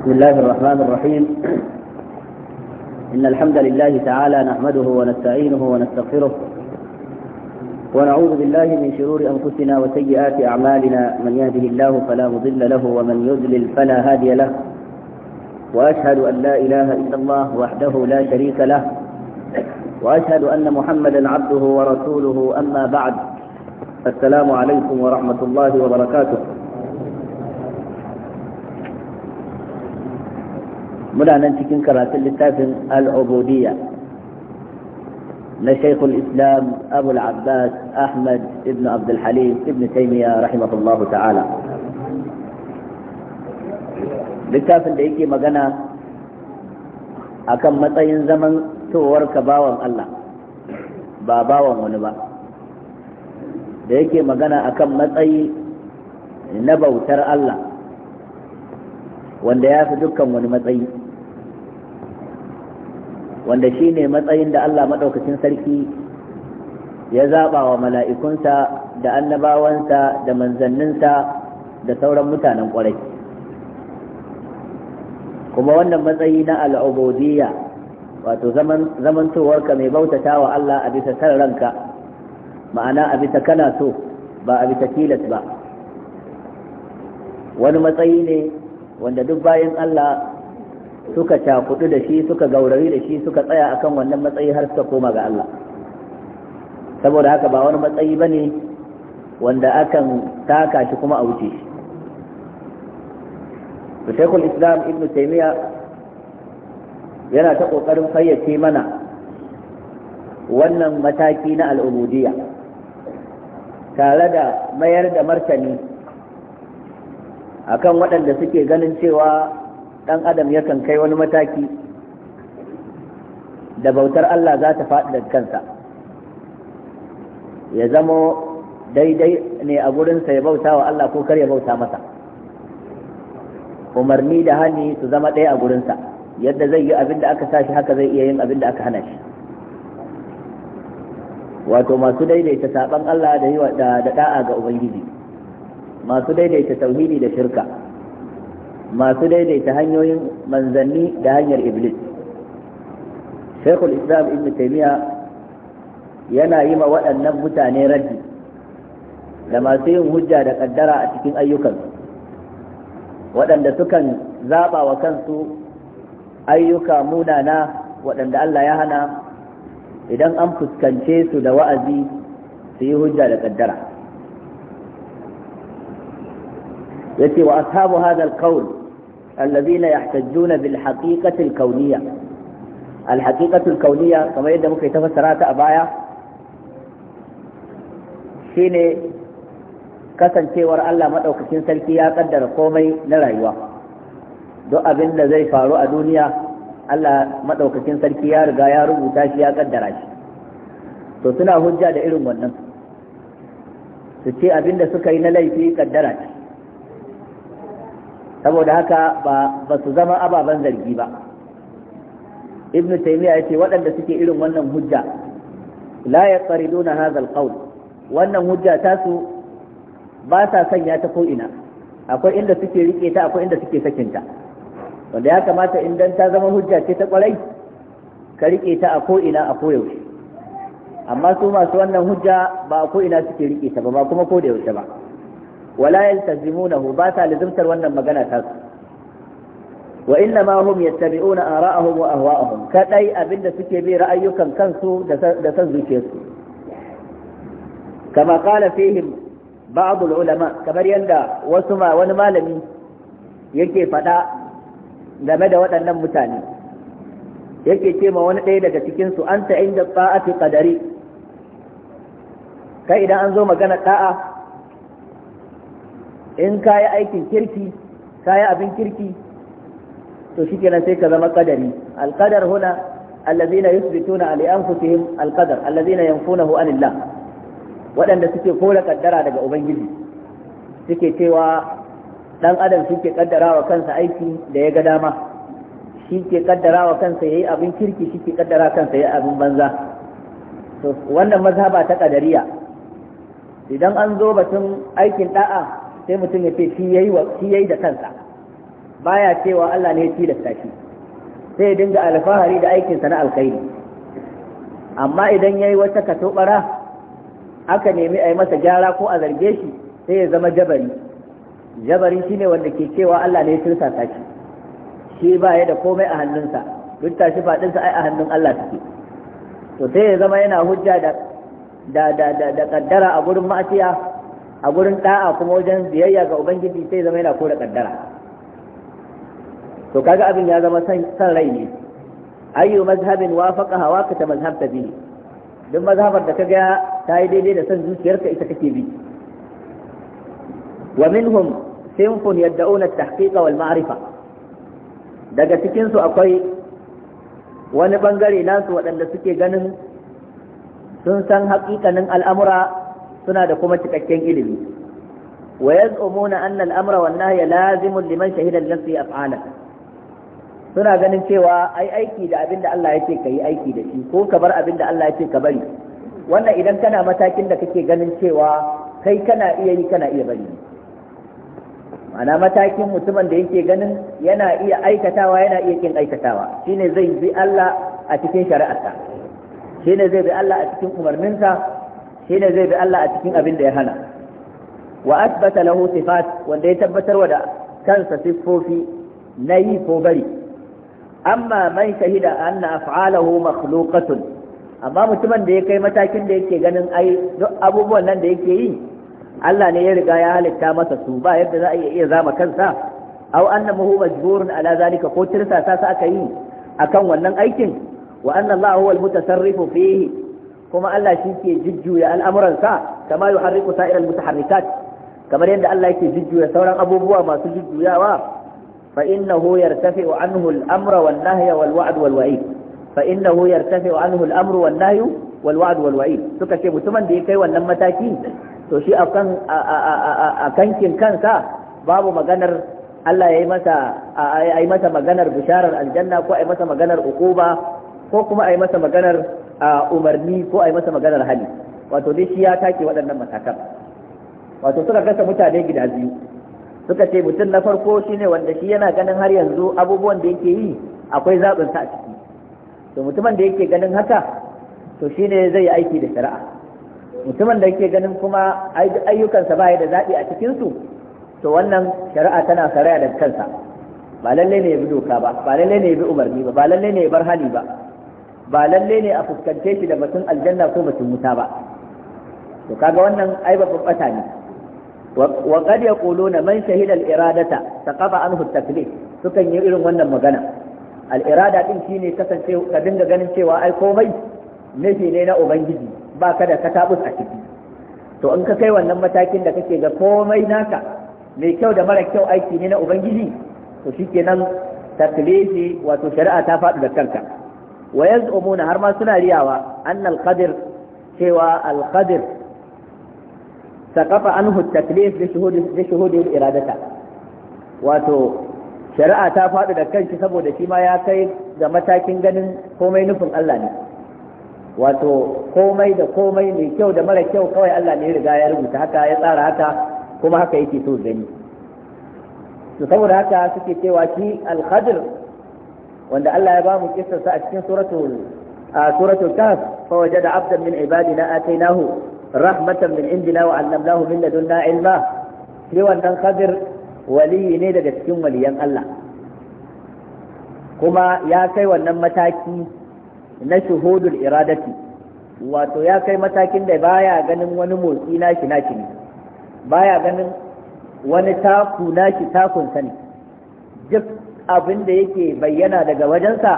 بسم الله الرحمن الرحيم إن الحمد لله تعالى نحمده ونستعينه ونستغفره ونعوذ بالله من شرور أنفسنا وسيئات أعمالنا من يهده الله فلا مضل له ومن يضلل فلا هادي له وأشهد أن لا إله إلا الله وحده لا شريك له وأشهد أن محمدا عبده ورسوله أما بعد السلام عليكم ورحمة الله وبركاته muna nan cikin karatun littafin al'ubudiyya na shaikul islam abu abbas ahmad ibn abdulhalim ibn taimiyya rahimahullahu ta'ala littafin da yake magana akan matsayin zaman towar ka bawan Allah ba bawan wani ba da yake magana akan matsayi na bautar Allah wanda ya fi dukkan wani matsayi wanda shi ne matsayin da Allah maɗaukacin sarki ya zaɓa wa mala'ikunsa da annabawansa da manzanninsa da sauran mutanen ƙwarai kuma wannan matsayi na al'ubudiyya wato zamantowarka mai bautata wa Allah a bisa kan ranka ma'ana a bisa kana so ba a bisa tilas ba wani matsayi ne wanda duk bayan Allah suka cakudu da shi suka gaurari da shi suka tsaya akan wannan matsayi har suka koma ga Allah saboda haka ba wani matsayi bane wanda akan taka shi kuma a wuce shi Shaykhul Islam Ibn Taymiyyah yana ta ƙoƙarin fayyace mana wannan mataki na al'ubudiyya tare da mayar da martani akan waɗanda suke ganin cewa ɗan adam yakan kai wani mataki da bautar Allah za ta faɗi da kansa ya zamo daidai ne a gurinsa ya bauta wa Allah ko kar ya bauta masa umarni da hani su zama ɗaya a gurinsa yadda zai yi abin da aka sashi haka zai iya yin abin da aka hana shi wato masu daidaita saɓan Allah da da'a ga Ubangiji masu daidaita tauhidi da shirka masu daidaita hanyoyin manzanni da hanyar iblis shekul islam ibn taimiyya yana yi ma waɗannan mutane raddi da masu yin hujja da ƙaddara a cikin ayyukansu waɗanda sukan zaɓa wa kansu ayyuka munana waɗanda Allah ya hana idan an fuskance su da wa'azi su yi hujja da ƙaddara ya ce wa ashabu hadal qawl الذين يحتجون بالحقيقة الكونية الحقيقة الكونية كما يدى ممكن تفسرات أبايا شيني kasancewar Allah maɗaukacin sarki ya ƙaddara komai na rayuwa duk abin zai faru a duniya Allah maɗaukacin sarki ya riga rubuta shi ya ƙaddara to suna hujja da irin wannan su ce abin suka yi na laifi ƙaddara saboda haka ba su zama ababen zargi ba ibn taymiya yace waɗanda suke irin wannan hujja la yaqriduna hadha alqawl wannan hujja ta su ba sa sanya ta ko ina akwai inda suke rike ta akwai inda suke sakinta wanda ya kamata idan ta zama hujja ce ta kwarai ka rike ta a ko ina a koyaushe amma su masu wannan hujja ba a ko ina suke rike ta ba ba kuma ko da yaushe ba wala yaltazimunahu ba sa lazimtar wannan magana ta su wa inna ma hum yattabi'una ara'ahum wa ahwa'ahum kadai abinda suke bi ra'ayyukan kansu da san zuciyarsu kama qala fihim ba'd ulama kamar yadda wasu ma wani malami yake fada game da waɗannan mutane yake ce ma wani ɗaya daga cikin su anta inda ta'ati qadari kai idan an zo magana da'a in ka yi aikin kirki ka yi abin kirki to shi kenan sai ka zama kadari alkadar huna allazina yusbituna li anfusihim alqadar allazina yanfunahu anillah waɗanda suke kore kaddara daga ubangiji suke cewa dan adam suke ke wa kansa aiki da ya ga dama shi ke wa kansa yayi abin kirki shi ke kaddara kansa yayi abin banza to wannan mazhaba ta kadariya idan an zo batun aikin da'a sai mutum ya ce shi ya yi da kansa ya cewa Allah ne ya da shi sai ya dinga alfahari da aikinsa na alkhairi amma idan ya yi wata katobara aka nemi a yi masa gyara ko a zarge shi sai ya zama jabari jabari shine wanda ke cewa Allah ne ya tilasta shi shi ba ya da komai a hannunsa duk tashi fadinsa ai a hannun Allah suke to sai ya zama yana hujja da da da da kaddara a gurin ma'asiya a gurin da'a kuma wajen biyayya ga ubangiji sai zama yana kore kaddara to kaga abin ya zama san rai ne ayyu mazhabin wafaqa hawaka ta mazhab ta bihi duk mazhabar da kaga ta yi daidai da san zuciyarka ita kake bi wa minhum sinfun yad'una at-tahqiq wal ma'rifa daga cikin su akwai wani bangare nasu waɗanda suke ganin sun san haƙiƙanin al'amura suna da kuma cikakken ilimi wa yaz'umuna anna al-amra wan nahya lazimun liman shahida al-nafsi af'ala suna ganin cewa ai aiki da abinda Allah ya ce kai aiki da shi ko ka bar abinda Allah ya ka bari wannan idan kana matakin da kake ganin cewa kai kana iya yi kana iya bari ma'ana matakin mutumin da yake ganin yana iya aikatawa yana iya kin aikatawa shine zai bi Allah a cikin shari'arsa shine zai bi Allah a cikin umarninsa shine zai bi Allah a cikin abin da ya hana wa asbata lahu sifat wanda ya tabbatar wa da kansa siffofi na yi ko bari amma man shahida anna af'alahu makhluqatun amma mutumin da ya kai matakin da yake ganin ai duk abubuwan nan da yake yi Allah ne ya riga ya halitta masa su ba yadda za a iya zama kansa aw annahu majburun ala zalika ko tirsa ta sa aka yi akan wannan aikin wa anna Allah huwa al-mutasarrifu fihi kuma Allah shi ke jujjuya al'amuransa kama yuharriku sa'iral mutaharrikat kamar yadda Allah yake jujjuya sauran abubuwa masu jujjuyawa fa يرتفع عنه الأمر والنهي والوعد والوعيد فإنه يرتفع عنه الأمر والنهي والوعد والوعيد suka ce mutumin da ya kai wannan mataki to shi akan akankin kansa babu maganar Allah yayi masa ayi masa maganar bisharar aljanna ko ayi masa maganar ukuba ko kuma ayi masa maganar A umarni ko a yi masa maganar hali wato dai shi ya take waɗannan matakan wato suka kasa mutane gida biyu suka ce mutum na farko shine wanda shi yana ganin har yanzu abubuwan da yake yi akwai zaɓin sa a ciki to mutumin da yake ganin haka to shine zai yi aiki da shari'a mutumin da yake ganin kuma ayyukansa ba da zaɓi a cikinsu to wannan shari'a tana saraya da kansa ba lalle ne ya bi doka ba ba lalle ne ya bi umarni ba ba lalle ne ya bar hali ba ba lalle ne a fuskance shi da batun aljanna ko batun wuta ba to kaga wannan ai ba bata ne wa qad yaquluna man shahida al iradata taqaba anhu at taklif sukan yi irin wannan magana al irada din shine kasance ka dinga ganin cewa ai komai nufi ne na ubangiji ba ka da katabus a ciki to in ka kai wannan matakin da kake ga komai naka mai kyau da mara kyau aiki ne na ubangiji to shikenan taklifi wato shari'a ta faɗi da kanka wa yaz'umuna har ma suna riyawa annal qadir cewa al qadir saqafa anhu taklif bi shuhudi bi shuhudi iradata wato shari'a ta faɗi da kanshi saboda shi ma ya kai ga matakin ganin komai nufin Allah ne wato komai da komai mai kyau da mara kyau kawai Allah ne ya riga ya rubuta haka ya tsara haka kuma haka yake so gani to saboda haka suke cewa shi al-Khadir wanda Allah ya ba mu a cikin suratul a suratul kahf fa wajada abdan min ibadina atainahu rahmatan min indina wa 'allamnahu min ladunna ilma shi wannan khadir waliyi ne daga cikin waliyan Allah kuma ya kai wannan mataki na shuhudul iradati wato ya kai matakin da baya ganin wani motsi nashi nashi ne baya ganin wani taku nashi takun sani duk abin da yake bayyana daga wajensa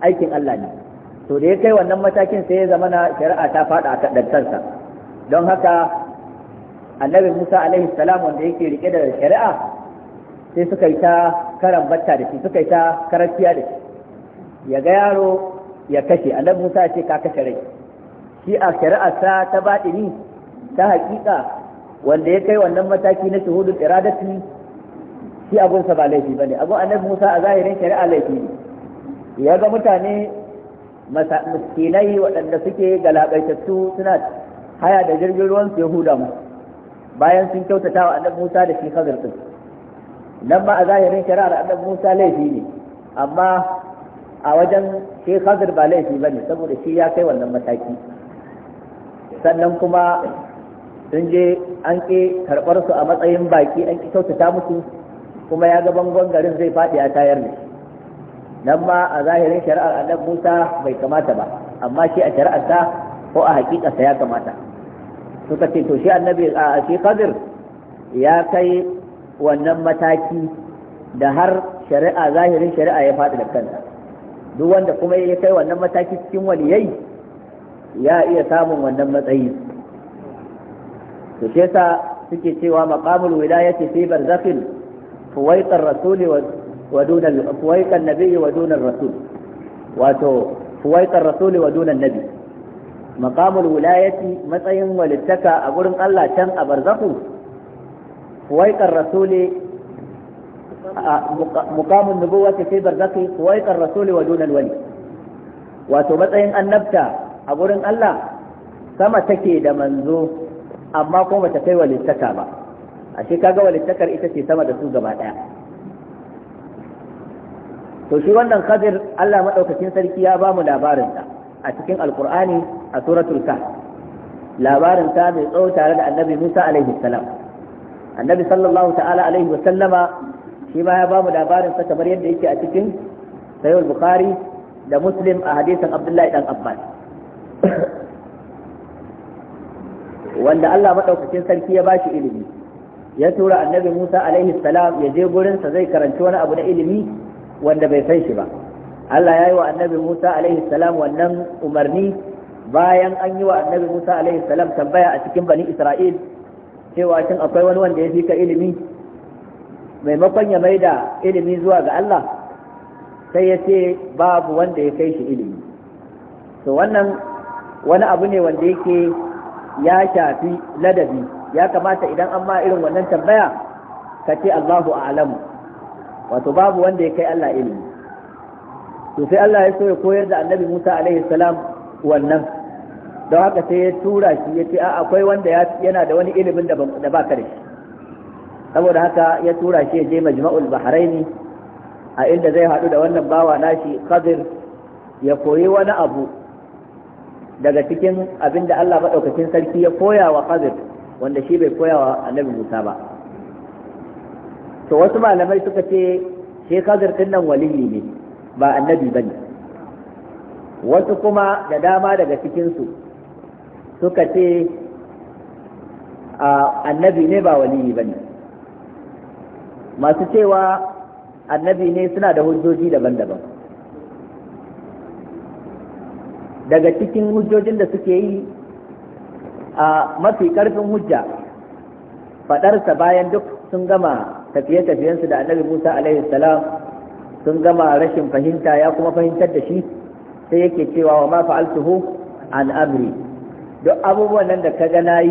aikin Allah ne to da ya kai wannan matakin sai ya zama na shari'a ta faɗa a kaddantarsa don haka annabi Musa alaihi salam wanda yake rike da shari'a sai suka yi ta karan batta da shi suka yi ta karafiya da shi ya ga yaro ya kashe annabi Musa ya ce ka kashe rai shi a shari'arsa ta baɗini ta haƙiƙa wanda ya kai wannan mataki na shuhudul iradati shi abunsa ba laifi bane abu annabi Musa a zahirin shari'a laifi ne ya ga mutane miskinai waɗanda suke galabaitattu suna haya da jirgin ruwan su Yahuda mu bayan sun kyautata wa annabi Musa da shi Khadir din nan ba a zahirin shari'ar annabi Musa laifi ne amma a wajen shi Khadir ba laifi bane saboda shi ya kai wannan mataki sannan kuma sun je an ƙi karɓar su a matsayin baki an ƙi kyautata musu kuma ya ga bangon garin zai fadi a tayar ne nan ma a zahirin shari'ar annabi Musa bai kamata ba amma shi a shari'ar ta ko a hakikarsa ya kamata suka ce to shi annabi a shi Qadir ya kai wannan mataki da har shari'a zahirin shari'a ya fadi da kansa duk wanda kuma ya kai wannan mataki cikin waliyai ya iya samun wannan matsayi to shi yasa suke cewa maqamul wilayati fi barzakhin فويق الرسول ودون ال... فويق النبي ودون الرسول واتو فويق الرسول ودون النبي مقام الولاية متين ولتكا أقول الله كان أبرزقه فويق الرسول مقام النبوة في برزقه فويق الرسول ودون الولي واتو متين النبتة أقول الله sama take da manzo amma kuma ta kai walittaka ba ashe kaga walittakar ita ce sama da su gaba daya to shi wannan khadir Allah madaukakin sarki ya ba mu labarin sa a cikin alqur'ani a suratul kahf labarin ta mai tsawo tare da annabi Musa alaihi salam annabi sallallahu ta'ala alaihi wa sallama shi ma ya ba mu labarin sa kamar yadda yake a cikin sahih bukhari da muslim a hadisin abdullahi dan abbas wanda Allah madaukakin sarki ya ba shi ilimi ya tura annabi Musa alaihi salam ya je gurinsa zai karanci wani abu na ilimi wanda bai san shi ba Allah ya yi wa annabi Musa alaihi salam wannan umarni bayan an yi wa annabi Musa alaihi salam tambaya a cikin bani Isra'il cewa shin akwai wani wanda ya fi ka ilimi maimakon ya maida ilimi zuwa ga Allah sai ya ce babu wanda ya kai shi ilimi to wannan wani abu ne wanda yake ya shafi ladabi ya kamata idan an ma irin wannan tambaya ka ce Allahu a'lamu wato babu wanda ya kai Allah ilimi to sai Allah ya so ya koyar da Annabi Musa alaihi salam wannan don haka sai ya tura shi ya ce a akwai wanda yana da wani ilimin da ba ka da shi saboda haka ya tura shi ya je majma'ul bahraini a inda zai haɗu da wannan bawa nashi Khadir ya koyi wani abu daga cikin abinda da Allah maɗaukakin sarki ya koya wa Khadir wanda shi bai koyawa annabi Musa ba to wasu malamai suka ce shi Khidir din nan waliyi ne ba annabi bane wasu kuma da dama daga cikin su suka ce annabi ne ba waliyi bane masu cewa annabi ne suna da hujjoji daban-daban daga cikin hujjojin da suke yi a mafi karfin hujja fadarsa bayan duk sun gama tafiye-tafiyensu da annabi Musa alaihi salam sun gama rashin fahimta ya kuma fahimtar da shi sai yake cewa wa ma fa'altuhu an amri duk abubuwan nan da ka ga nayi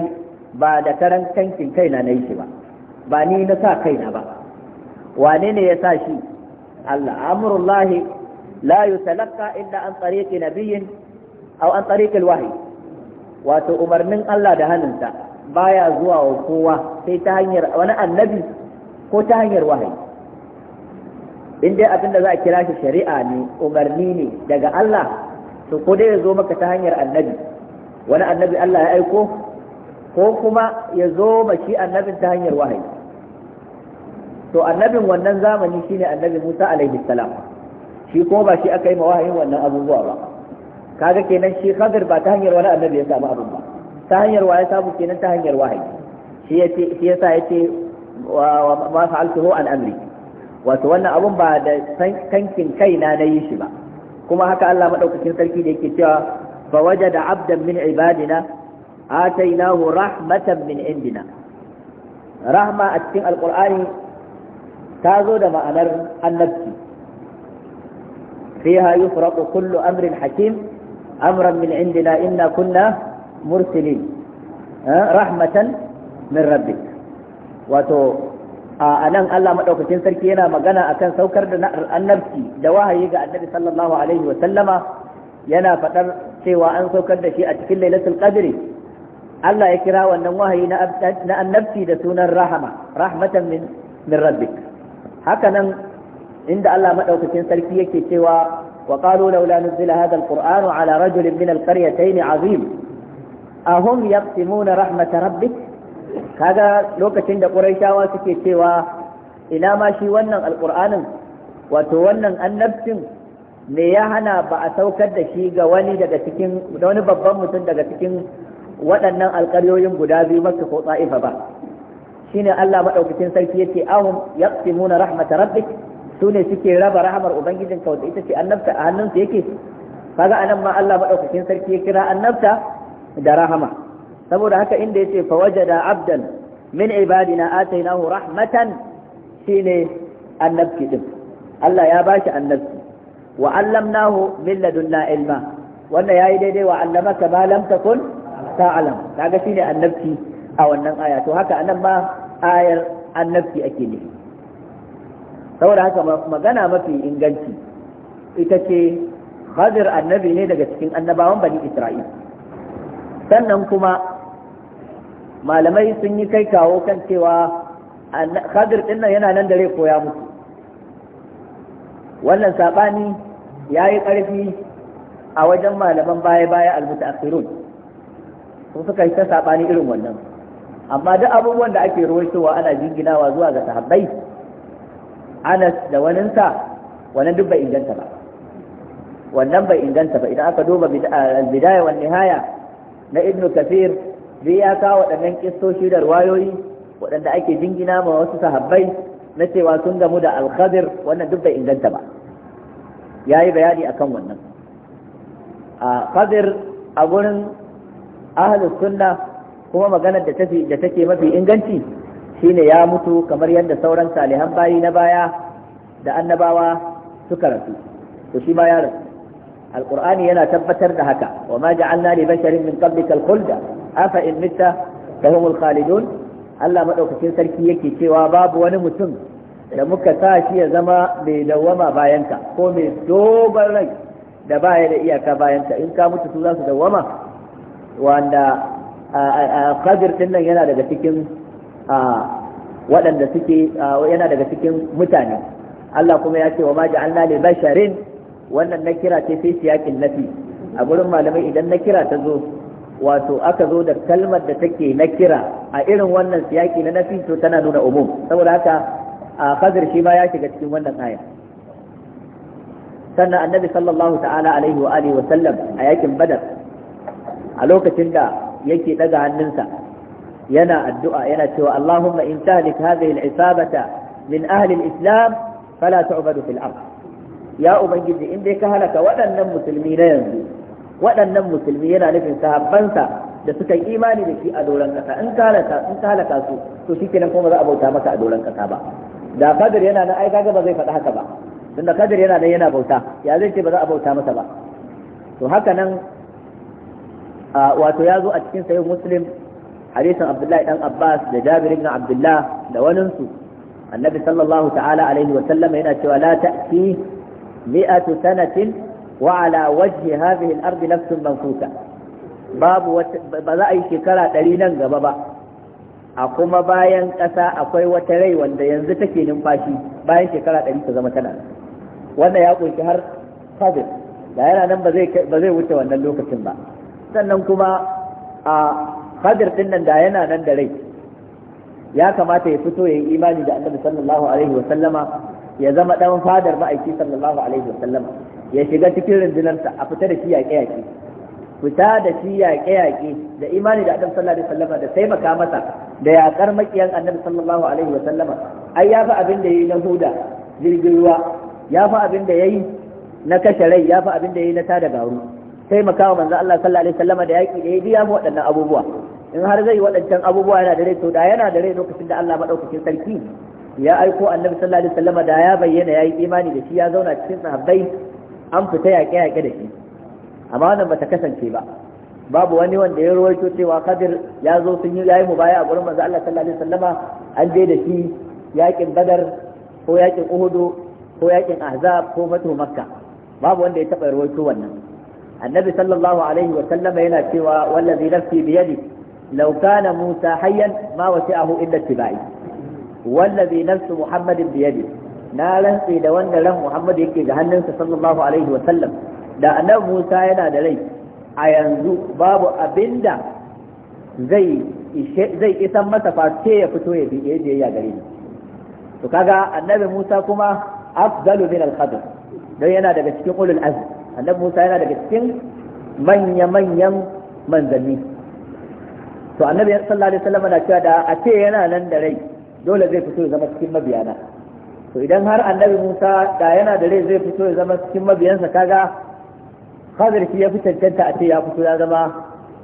ba da karan kankin kaina na yi shi ba ba ni na sa kaina ba wane ne ya sa shi Allah amrullahi la yusalaka illa an tariqi nabiyyin aw an tariqi alwahyi wato umarnin Allah da hannunsa baya zuwa wa kowa sai ta hanyar wani annabi ko ta hanyar wahayi in dai abin da za a kira shi shari'a ne umarni ne daga Allah to ko dai ya zo maka ta hanyar annabi wani annabi Allah ya aiko ko kuma ya zo ma shi annabin ta hanyar wahayi to annabin wannan zamani shine annabi Musa alaihi salam shi ko ba shi aka yi ma wahayin wannan abubuwa ba kaga kenan shi khadir ba ta hanyar wani annabi ya samu abin ba ta hanyar wa samu kenan ta hanyar wahayi shi yace shi yasa yace wa ma fa'altuhu an amri wato wannan abun ba da tankin kaina na yi shi ba kuma haka Allah madaukakin sarki da yake cewa fa wajada abdan min ibadina atainahu rahmatan min indina rahma a cikin alqur'ani ta zo da ma'anar annabci fiha yufraqu kullu amrin hakim أمرا من عندنا إنا كنا مرسلين رحمة من ربك وتو a nan Allah maɗaukacin sarki yana magana kan saukar da annabci da wahayi ga annabi sallallahu alaihi wa sallama yana faɗar cewa an saukar da shi a cikin lailatul qadri Allah ya kira wannan wahayi na annabci da sunan rahama rahmatan min min rabbik nan inda Allah maɗaukacin sarki yake cewa وقالوا لولا نزل هذا القرآن على رجل من القريتين عظيم أهم يقسمون رحمة ربك هذا لوكة عند قريشا suke cewa ina ma shi wannan alƙur'anin wato wannan annabcin me ya hana ba a saukar da shi ga wani babban mutum daga cikin waɗannan alƙaryoyin guda biyu maka ko tsa'ifa ba shine Allah madaukakin sarki yace ahum yaqsimuna rahmata rabbik su ne suke raba rahamar ubangijin ka wanda ita ce annabta a hannunsu yake kaga anan ma Allah madaukakin sarki ya kira annabta da rahama saboda haka inda yace fa wajada abdan min ibadina atainahu rahmatan shine annabci din Allah ya bashi annabci wa allamnahu min ladunna ilma wannan yayi daidai wa allamaka ma lam takun ta'lam kaga shine annabci a wannan aya to haka anan ma ayar annabci ake nufi saboda haka magana mafi inganci ita ce Khadir annabi ne daga cikin annabawan bani Isra'il sannan kuma malamai sun yi kai kawo kan cewa Hadir din yana nan da rai koya musu wannan sabani ya yi ƙarfi a wajen malaman baya-baya almutaakhirun sun suka yi ta sabani irin wannan amma duk abubuwan da ake ruwaitowa ana jinginawa zuwa ga sahabbai anas da waninsa wannan duk bai inganta ba wannan bai inganta ba idan aka duba al-bidaya nihaya na ibn kafir zai ya kawo waɗannan kistoshi da ruwayoyi waɗanda ake jingina ma wasu sahabbai na cewa sun gamu da al-khadir wannan duk bai inganta ba yayi bayani akan wannan a khadir a gurin ahlus sunna kuma maganar da da take mafi inganci shine ya mutu kamar yadda sauran salihan bayi na baya da annabawa suka rasu to shi ma ya rasu alqur'ani yana tabbatar da haka wa ma ja'alna li basharin min qablika al afa in mitta fa humul khalidun Allah madaukakin sarki yake cewa babu wani mutum da muka sa shi ya zama mai dawama bayanka ko mai dogon rai da baya da iyaka bayanka in ka mutu su za su dawama? wanda a khadir nan yana daga cikin waɗanda suke yana daga cikin mutane Allah kuma ya ce wa ma ja'alna li basharin wannan na kira ce fi siyakin nafi a gurin malamai idan na kira ta zo wato aka zo da kalmar da take na kira a irin wannan siyaki na nafi to tana nuna umum saboda haka a fazir shi ma ya shiga cikin wannan aya sannan annabi sallallahu ta'ala alaihi wa alihi wa sallam a yakin badar a lokacin da yake daga hannunsa yana addu'a yana cewa Allahumma in tahlik hadhihi al-isabata min ahli al-islam fala tu'badu fil ard ya ubangiji in dai ka halaka waɗannan musulmi na yanzu waɗannan musulmi yana nufin sahabbansa da suka yi imani da shi a doron kasa in ka halaka in ka halaka su to shikenan kuma za a bauta maka a doron kasa ba da kadir yana nan ai kaga ba zai faɗi haka ba tunda kadir yana nan yana bauta ya zai ce ba za a bauta masa ba to haka nan wato ya zo a cikin sayin muslim hadisin abdullahi ɗan abbas da jabir ibn abdullah da waninsu annabi sallallahu ta'ala alaihi wa sallam yana cewa la ta'ti mi'atu sanatin wa ala wajhi hadhihi al nafsun babu ba za a yi shekara ɗari nan gaba ba a kuma bayan ƙasa akwai wata rai wanda yanzu take numfashi bayan shekara ɗari ta zama tana wanda ya ƙunshi har da yana nan ba zai wuce wannan lokacin ba sannan kuma a Khadir din nan da yana nan da rai ya kamata ya fito yayi imani da Annabi sallallahu alaihi wa sallama ya zama dan fadar ma'aiki sallallahu alaihi wa sallama ya shiga cikin rundunarsa a fita da shi yaƙe yaƙe fita da shi yaƙe yaƙe da imani da Annabi sallallahu alaihi wa sallama da taimaka masa da yaƙar makiyan Annabi sallallahu alaihi wa sallama ai ya fi abin da yayi na huda jirgin ruwa ya fi abin da yayi na kashe rai ya fi abin da yayi na tada garu taimakawa manzo Allah sallallahu alaihi wasallama da yaki da ya biya mu waɗannan abubuwa in har zai waɗancan abubuwa yana da rai to da yana da rai lokacin da Allah madaukakin sarki ya aiko annabi sallallahu alaihi da ya bayyana yayi imani da shi ya zauna cikin sahabbai an fita yaƙe yaƙe da shi amma wannan bata kasance ba babu wani wanda ya rawaito cewa Kadir ya zo sun yi yayi mubaya a gurin manzo Allah sallallahu alaihi wasallama an je da shi yaƙin Badar ko yaƙin Uhud ko yaƙin Ahzab ko fatu Makka babu wanda ya taɓa rawaito wannan annabi sallallahu alaihi wa sallama yana cewa wallazi nafsi biyadi law kana musa hayyan ma wasi'ahu illa tibai wallazi nafsu muhammadin biyadi na rantse da wanda ran muhammad yake ga hannunsa sallallahu alaihi wa sallam da annabi musa yana da rai a yanzu babu abinda zai zai isan masa face ya fito ya bi ya gare ni to kaga annabi musa kuma afdalu min al don yana daga cikin ulul azmi annabi Musa yana daga cikin manya-manyan manzanni to annabi sallallahu alaihi wasallam na cewa da a ce yana nan da rai dole zai fito ya zama cikin mabiyana to idan har annabi Musa da yana da rai zai fito ya zama cikin mabiyansa kaga Khadir shi ya fi cancanta a ce ya fito ya zama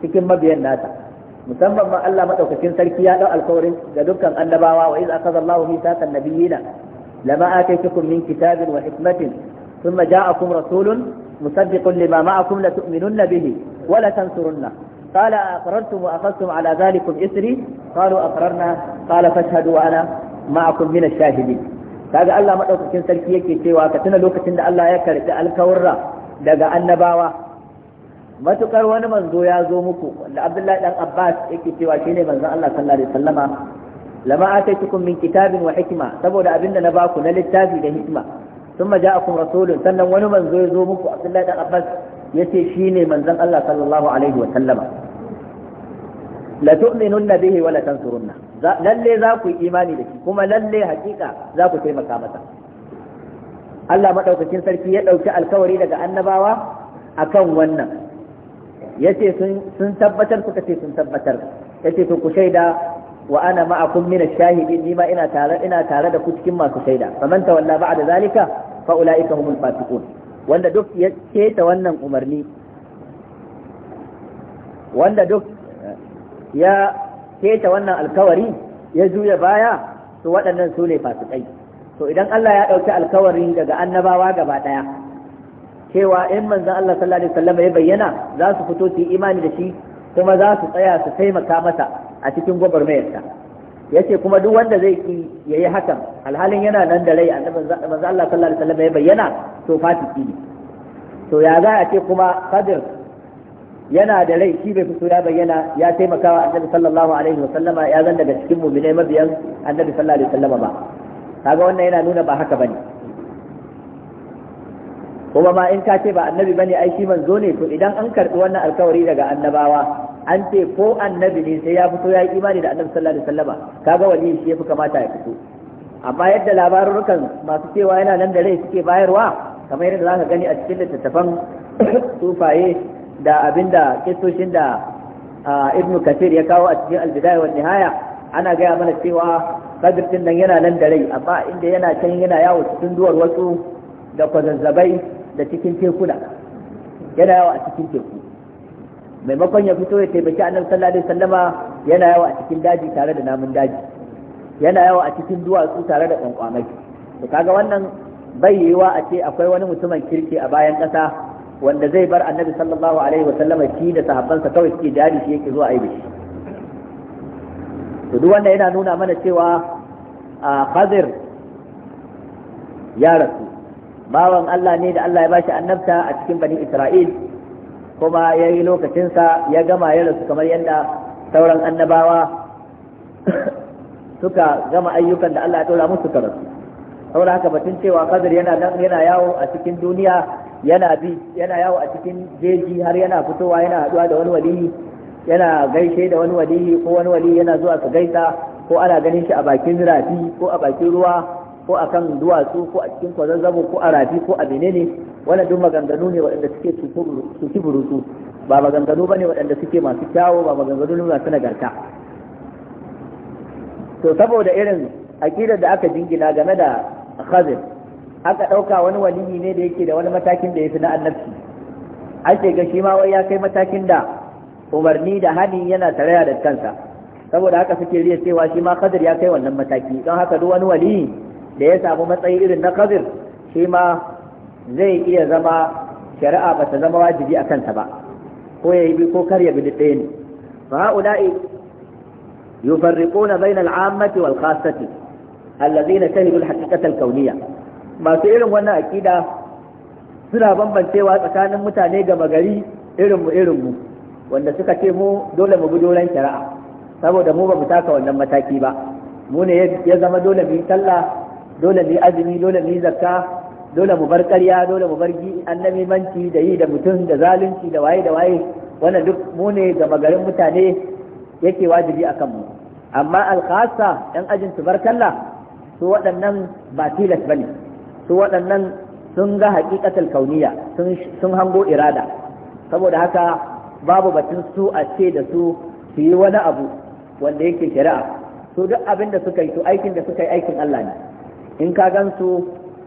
cikin mabiyan nata musamman ma Allah madaukakin sarki ya dau alkawarin ga dukkan annabawa wa idza akaza Allahu mithaqan nabiyina lama ataytukum min kitabin wa hikmatin ثم جاءكم rasulun. مصدق لما معكم لتؤمنن به ولا تنصرنه قال أقررتم وأخذتم على ذلكم إثري قالوا أقررنا قال فاشهدوا وأنا معكم من الشاهدين kaga Allah madaukakin sarki yake cewa ka tuna lokacin da Allah ya karbi alkawarra daga annabawa matukar wani manzo ya zo muku wanda Abdullahi dan Abbas yake cewa shine manzon Allah sallallahu alaihi wasallama lama ataitukum min kitabin wa hikma saboda abinda na baku na littafi da hikima. a ja'akum rasulun sannan wani manzo ya zo muku Abdullahi dan Abbas yace shine manzon Allah sallallahu alaihi wa sallama lalle za ku yi imani da shi kuma lalle hakika za ku taimaka masa Allah madaukakin sarki ya ɗauki alkawari daga annabawa akan wannan yace sun tabbatar suka ce sun tabbatar yace to ku shaida wa ana ma'akum min ash-shahidin ni ma ina tare ina tare da ku cikin masu shaida faman tawalla ba'da zalika fa ulaika humul fasiqun wanda duk ya keta wannan umarni wanda duk ya keta wannan alkawari ya juya baya to waɗannan su ne fasikai to idan Allah ya ɗauki alkawari daga annabawa gaba ɗaya cewa in manzon Allah sallallahu alaihi wasallam ya bayyana za su fito su yi imani da shi kuma za su tsaya su taimaka masa a cikin gwagwarmayarsa ce kuma duk wanda zai ki yi hakan alhalin yana nan da rai annabi manzo Allah sallallahu alaihi wasallam ya bayyana to fatiki ne to ya za a ce kuma qadir yana da rai shi bai fito ya bayyana ya taimakawa annabi sallallahu alaihi wasallama ya zan daga cikin mu'minai mabiyan annabi sallallahu alaihi wasallama ba kaga wannan yana nuna ba haka bane kuma ma in ka ce ba annabi bane ai shi manzo ne to idan an karbi wannan alkawari daga annabawa an ce ko annabi ne sai ya fito ya yi imani da annabi sallallahu alaihi wasallama kaga wani shi yafi kamata ya fito amma yadda labarurukan masu cewa yana nan da rai suke bayarwa kamar yadda zaka gani a cikin littattafan sufaye da abinda kistoshin da ibnu kafir ya kawo a cikin albidaya wa nihaya ana gaya mana cewa kadir din nan yana nan da rai amma inda yana can yana yawo cikin duwar wasu da kwazazzabai da cikin tekuna yana yawa a cikin teku maimakon ya fito ya taimaki annabi sallallahu alaihi wasallama yana yawa a cikin daji tare da namun daji yana yawa a cikin duwatsu tare da kwankwamai to kaga wannan bai yiwa a ce akwai wani mutumin kirki a bayan ƙasa wanda zai bar annabi sallallahu alaihi wasallama shi da sahabbansa kawai suke daji shi yake zuwa aibe to duk wanda yana nuna mana cewa a Khadir ya rasu bawan Allah ne da Allah ya bashi annabta a cikin bani Isra'il kuma ya yi lokacinsa ya gama ya rasu kamar yadda sauran annabawa suka gama ayyukan da Allah ya tura musu rasu saboda haka batun cewa kadir yana nan yana yawo a cikin duniya yana bi yana yawo a cikin jeji har yana fitowa yana haɗuwa da wani wali yana gaishe da wani wali ko wani waliyi yana zuwa su gaisa ko ana ganin shi a bakin rafi ko a bakin ruwa ko a kan duwatsu ko a cikin kwazazzabo ko a rafi ko a menene wannan duk maganganu ne waɗanda suke cuci burutu ba maganganu ba ne waɗanda suke masu kyawo ba maganganu ne masu nagarta to saboda irin aƙidar da aka jingina game da khazin aka ɗauka wani waliyi ne da yake da wani matakin da ya fi na annabci ake ga shi ma wai ya kai matakin da umarni da hani yana tarayya da kansa saboda haka suke riya cewa shi ma khazir ya kai wannan mataki don haka duk wani waliyi da ya samu matsayi irin na kabir shi ma zai iya zama shari'a ba ta zama wajibi a kansa ba ko ya yi ko kar ya bi ɗaya ne fa ha'ula'i yufarriquna bayna al-ammati wal khassati allazina shahidu al-haqiqata al-kawniyya masu irin wannan aqida suna bambancewa tsakanin mutane gama gari irin mu irin mu wanda suka ce mu dole mu bi doren shari'a saboda mu ba mu taka wannan mataki ba mu ne ya zama dole mu yi sallah dole mu azumi dole mu zakka dole mu bar karya dole mu bar gi annabi manci da yi da mutum da zalunci da waye da waye wannan duk mu ne gaba garin mutane yake wajibi akan mu amma alkhasa dan ajin tubarkalla su waɗannan ba tilas bane su waɗannan sun ga haƙiƙatar kauniya sun hango irada saboda haka babu batun su a ce da su su yi wani abu wanda yake shari'a su duk abin da suka yi to aikin da suka yi aikin Allah ne in ka gansu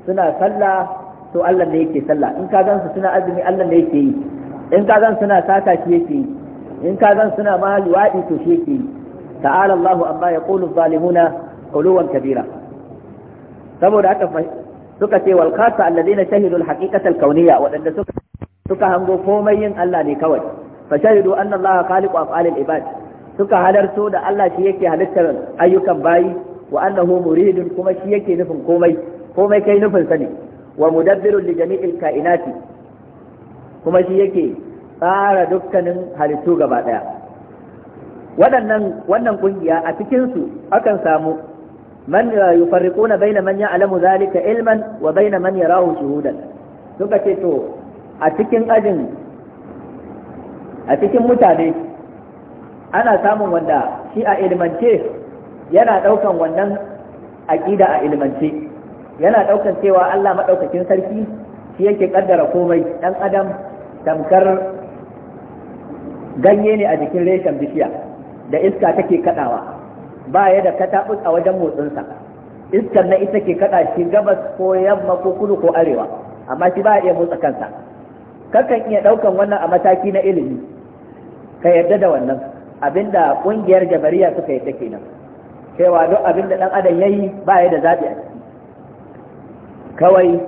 suna sallah to Allah ne yake sallah in ka gansu suna azumi Allah ne yake yi in ka gansu suna sata shi yake yi in ka gansu suna ma luwadi to shi yake yi ta'ala Allahu amma yaqulu zalimuna quluwan kabira saboda haka suka ce wal khasa alladhina shahidu al haqiqata al kawniyya wadanda suka suka hango komai yin Allah ne kawai fa shahidu anna Allah khaliqu af'al al ibad suka halarto da Allah shi yake halittar ayyukan bayi wa annahu muridun kuma shi yake nufin komai komai kai nufin sa ne wa mudabbirun li jami'il kainati kuma shi yake tsara dukkanin halittu gaba daya waɗannan wannan kungiya a cikin su akan samu man yufarriquna baina man ya'lamu zalika ilman wa baina man yarahu shuhudan suka ce to a cikin ajin a cikin mutane ana samun wanda shi a ilmance yana ɗaukan wannan aƙida a ilmance yana ɗaukan cewa Allah maɗaukakin sarki shi yake ƙaddara komai ɗan adam tamkar ganye ne a jikin reshen bishiya da iska take kaɗawa ba ya da kataɓus a wajen motsinsa iskar na ita ke kaɗa shi gabas ko yamma ko kudu ko arewa amma shi ba ya iya motsa kansa kakan iya ɗaukan wannan a mataki na ilimi ka yarda da wannan abinda ƙungiyar jabariya suka yi take nan cewa duk abin da ɗan adam ya yi ba ya da zaɓi a ciki kawai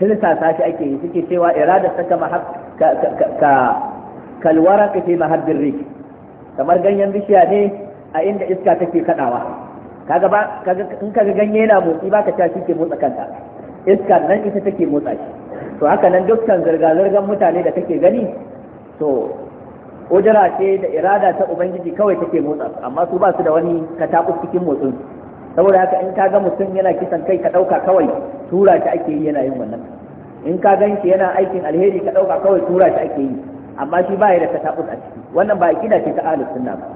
sasa shi ake yi suke cewa irada saka ka kalwara ka ce mahabbin riki kamar ganyen bishiya ne a inda iska take kaɗawa kaga ba in kaga ganye yana motsi ba ka ta shi ke motsa kanta iska nan ita take motsa shi to haka nan dukkan zirga-zirgar mutane da kake gani to kudura ce da irada ta ubangiji kawai take motsa amma su ba su da wani katakus cikin motsin saboda haka in ka ga mutum yana kisan kai ka ɗauka kawai tura shi ake yi yana yin wannan in ka gan shi yana aikin alheri ka ɗauka kawai tura shi ake yi amma shi ba ya da katakus a ciki wannan ba kida ce ta ahlus sunna ba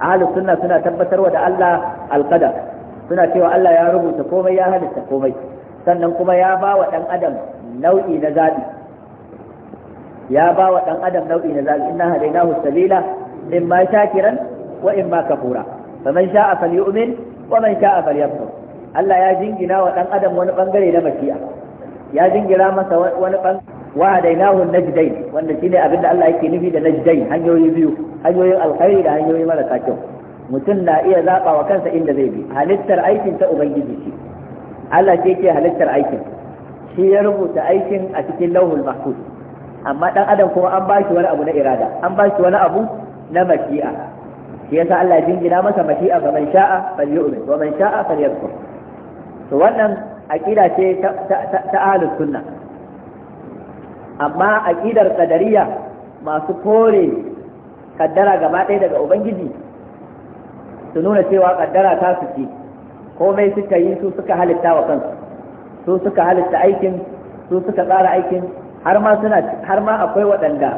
ahlus sunna suna tabbatarwa da Allah alqadar suna cewa Allah ya rubuta komai ya halitta komai sannan kuma ya ba wa dan adam nau'i na zabi ya ba wa dan adam nau'i na zabi inna hadainahu sabila imma shakiran wa ma kafura faman sha'a falyu'min wa man sha'a falyakfur Allah ya jingina wa ɗan adam wani bangare na mashi'a ya jingina masa wani bangare wa hadainahu najdain wanda shine abin da Allah yake nufi da najdain hanyoyi biyu hanyoyin alkhairi da hanyoyi marasa kyau mutum na iya zaba wa kansa inda zai bi halittar aikin ta ubangiji ce Allah ke ke halittar aikin shi ya rubuta aikin a cikin lauhul mahfuz amma dan adam kuma an ba shi wani abu na irada an ba shi wani abu na mashi'a shi yasa Allah ya jingina masa mashi'a ga man sha'a yu'min wa man sha'a yakfur to wannan aqida ce ta ahlus sunna amma aqidar qadariya masu kore kaddara gaba ɗaya daga ubangiji su nuna cewa kaddara ta su ce komai suka yi su suka halitta wa kansu su suka halitta aikin su suka tsara aikin har ma suna har ma akwai waɗanda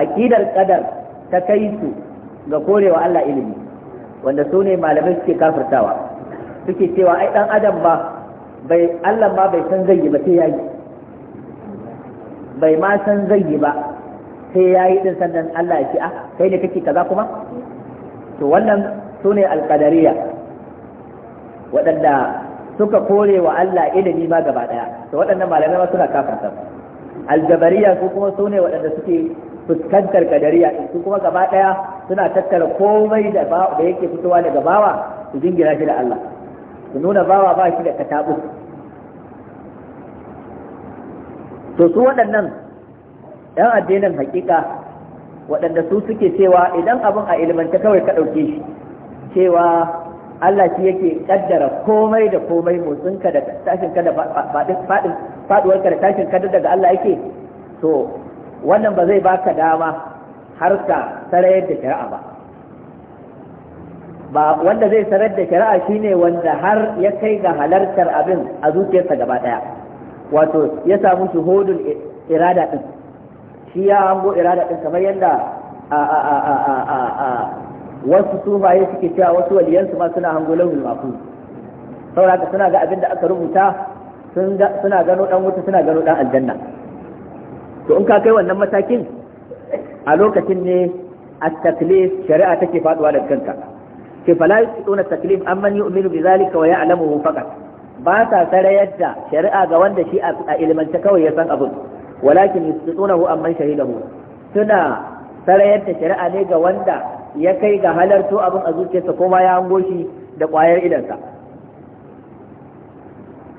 aƙidar ƙadar ta kai su ga korewa Allah ilimi wanda su ne malamai suke kafirtawa suke cewa ai dan adam ba bai Allah ma bai san zai yi ba sai yayi bai ma san zai yi ba sai yayi din sannan Allah ya ce a ah, kai ne kake kaza kuma to wannan su ne alƙadariya waɗanda suka kore wa Allah ilimi ma gaba daya to waɗannan malamai ma suna kafirta aljabariya su kuma su ne waɗanda suke fuskantar kadariya su kuma gaba daya suna tattara komai da ba da yake fitowa daga bawa su jingira shi da Allah su nuna bawa ba shi da katabu to su waɗannan ɗan addinin hakika waɗanda su suke cewa idan abin a ilimanta kawai ka ɗauke shi cewa Allah shi yake kaddara komai da komai motsinka da tashinka da faduwarka da tashinka da daga Allah yake to wannan ba zai baka dama har ka sarayar da shari'a ba ba wanda zai sarar da shari'a shine wanda har ya kai ga halartar abin a zuciyarsa gaba daya wato ya samu shuhudul irada din shi ya hango irada din kamar yadda a a a a a wasu sufaye suke cewa wasu waliyansu ma suna hango lauhul mafu saboda suna ga abin da aka rubuta suna gano dan wuta suna gano dan aljanna to in ka kai wannan matakin a lokacin ne a taklif shari'a take faduwa da kanka ke fala yusuna taklif amman yu'minu bi zalika wa ya'lamuhu faqat ba ta tsare yadda shari'a ga wanda shi a ilmanta kawai ya san abin walakin yusunahu amman shahidahu suna tsare yadda shari'a ne ga wanda ya kai ga halarto abin a zuciyarsa ko ma ya hango shi da ƙwayar idansa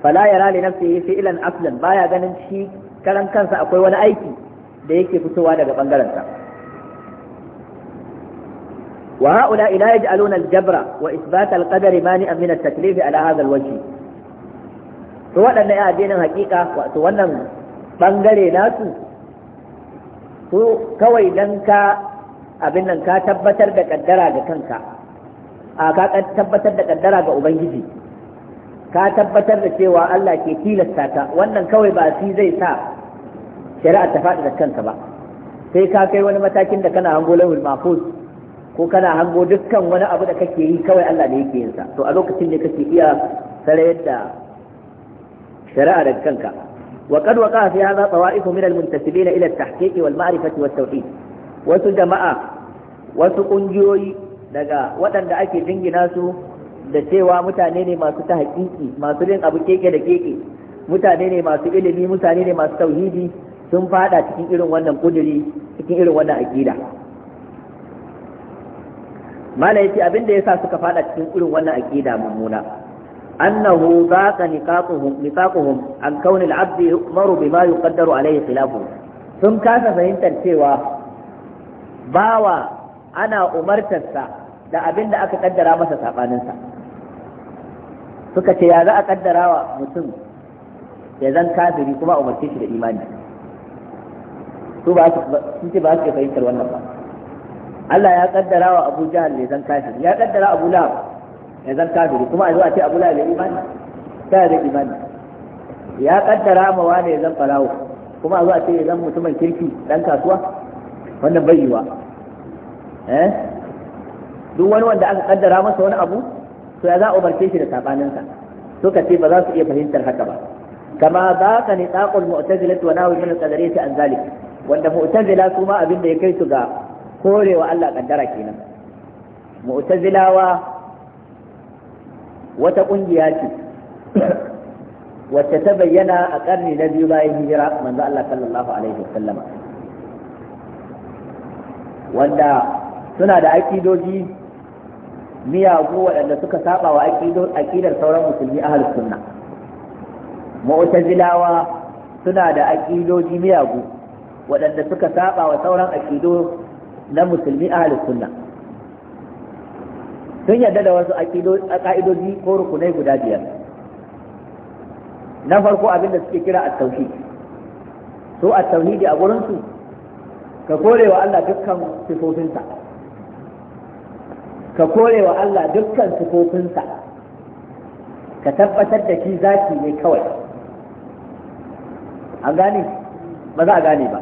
fala yara li ilan ilan aslan baya ganin shi karan kansa akwai wani aiki da yake fitowa daga ɓangarensa wa haula ila yaj'aluna al-jabra wa isbat al-qadar mani'an min at-taklif ala hadha to ya addinin hakika wato wannan bangare nasu ko kawai dan ka abin nan ka tabbatar da kaddara ga kanka a ka tabbatar da kaddara ga ubangiji ka tabbatar da cewa Allah ke tilasta ka wannan kawai ba shi zai sa shari'a ta faɗi da kanka ba sai ka kai wani matakin da kana hango lahul mahfuz ko kana hango dukkan wani abu da kake yi kawai Allah ne yake yin sa to a lokacin ne kake iya sarayar da shari'a da kanka وقد وقع في هذا طوائف من المنتسبين الى التحقيق والمعرفه والتوحيد wasu jama'a wasu ƙungiyoyi daga waɗanda ake jingina su da cewa mutane ne masu ta haƙiƙi masu yin abu keke da keke mutane ne masu ilimi mutane ne masu tauhidi sun fada cikin irin wannan kuduri cikin irin wannan aƙida mala yace abin da yasa suka fada cikin irin wannan aƙida mummuna annahu baqa niqaquhum niqaquhum an kauni abdi yu'maru bima yuqaddaru alayhi khilafu sun kasa fahimtar cewa bawa ana umartarsa da abin da aka kaddara masa saɓaninsa suka ce ya za a kaddara wa mutum ya zan kafiri kuma umarce shi da imani su ba su ce ba su ke fahimtar wannan ba Allah ya kaddara wa Abu Jahl ya zan kafiri ya kaddara Abu Lahab ya zan kafiri kuma a zo a ce Abu Lahab ya imani ta da imani ya kaddara ma wani ya zan farawo kuma a zo a ce ya zan mutumin kirki dan kasuwa wannan bai yiwa eh duk wani wanda aka kaddara masa wani abu to ya za a umarce shi da sabaninsa suka ce ba za su iya fahimtar haka ba kama ba ka ni taqul mu'tazila wa nawi min al-qadariyati an zalik wanda mu'tazila su ma abin da ya kai su ga korewa Allah kaddara kenan mu'tazilawa wata kungiya ce wacce ta bayyana a karni na biyu bayan hijira manzo Allah sallallahu alaihi wasallama wanda suna da aƙidoji miyagu waɗanda suka saba wa aƙidar sauran musulmi ahal sunna mu'tazilawa suna da aƙidoji miyagu waɗanda suka saba wa sauran aƙido na musulmi ahal sunna sun yadda da wasu ƙa'idoji ko rukunai guda biyar na farko abinda suke kira a tauhidi su a tauhidi a gurinsu ka kore wa Allah dukkan sifofinsa ka kore wa Allah dukkan sifofinsa ka tabbatar da shi zaki ne kawai an gane ba za a gane ba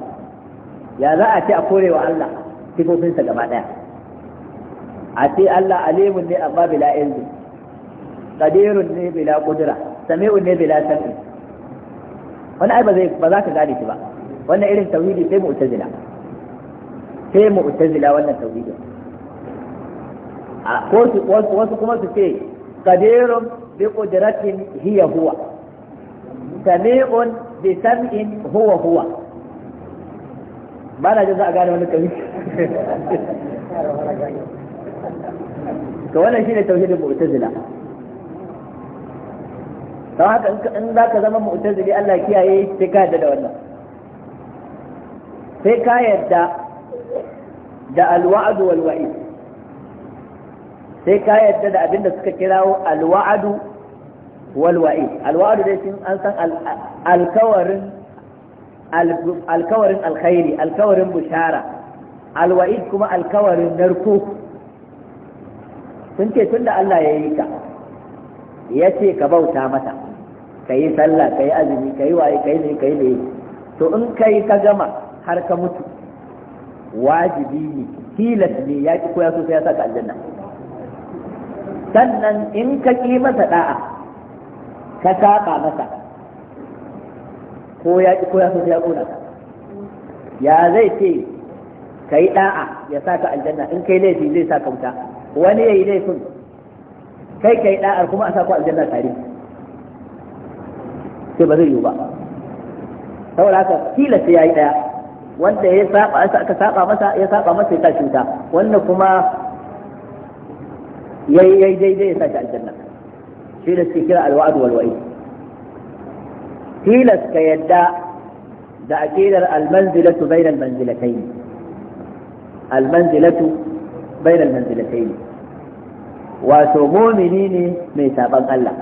ya za a ce a kore wa Allah sifofinsa gaba ɗaya a ce Allah alimun ne amma bila ilmi qadirun ne bila kudura sami'un ne bila sam'i wani ai ba za ka gane shi ba wannan irin tauhidi sai mu'tazila sai mu'tazila wannan tauhidin a ko wasu kuma su ce kadirun bi qudratin hiya huwa sami'un bi sam'in huwa huwa ba na jin za a gane wani kabi to wannan shine tauhidin mu'tazila don haka in za ka zama mu'tazili Allah kiyaye sai ka yarda da wannan sai ka yarda da alwa'adu wal wa'id sai ka yadda da abinda suka kirawo alwa'adu wal wa'id alwa'adu dai sun an san alkawarin alkawarin alkhairi alkawarin bushara alwa'id kuma alkawarin narko sun ce tunda Allah ya yi ka ya ce ka bauta mata ka yi sallah ka yi azumi ka yi waye ka yi ne ka yi to in ka yi ka gama har ka mutu wajibi ne tilas ne ya ki koya so sai ya saka aljanna sannan in ka ki masa da'a ka saka masa ko ya ki koya so sai ya kona ya zai ce ka yi da'a ya saka aljanna in kai laifi zai saka wuta wani ya yi laifin kai ka yi kuma a saka aljanna tare sai ba zai yiwu ba saboda haka tilas ya yi daya wanda ya saba aka saba masa ya saba masa ya tashi wuta wannan kuma yayi yayi daidai ya tashi aljanna shi da suke kira alwa'd wal wa'id tilas ka yadda da aqidar almanzilatu bayna almanzilatayn almanzilatu bayna almanzilatayn wato mumini ne mai saban Allah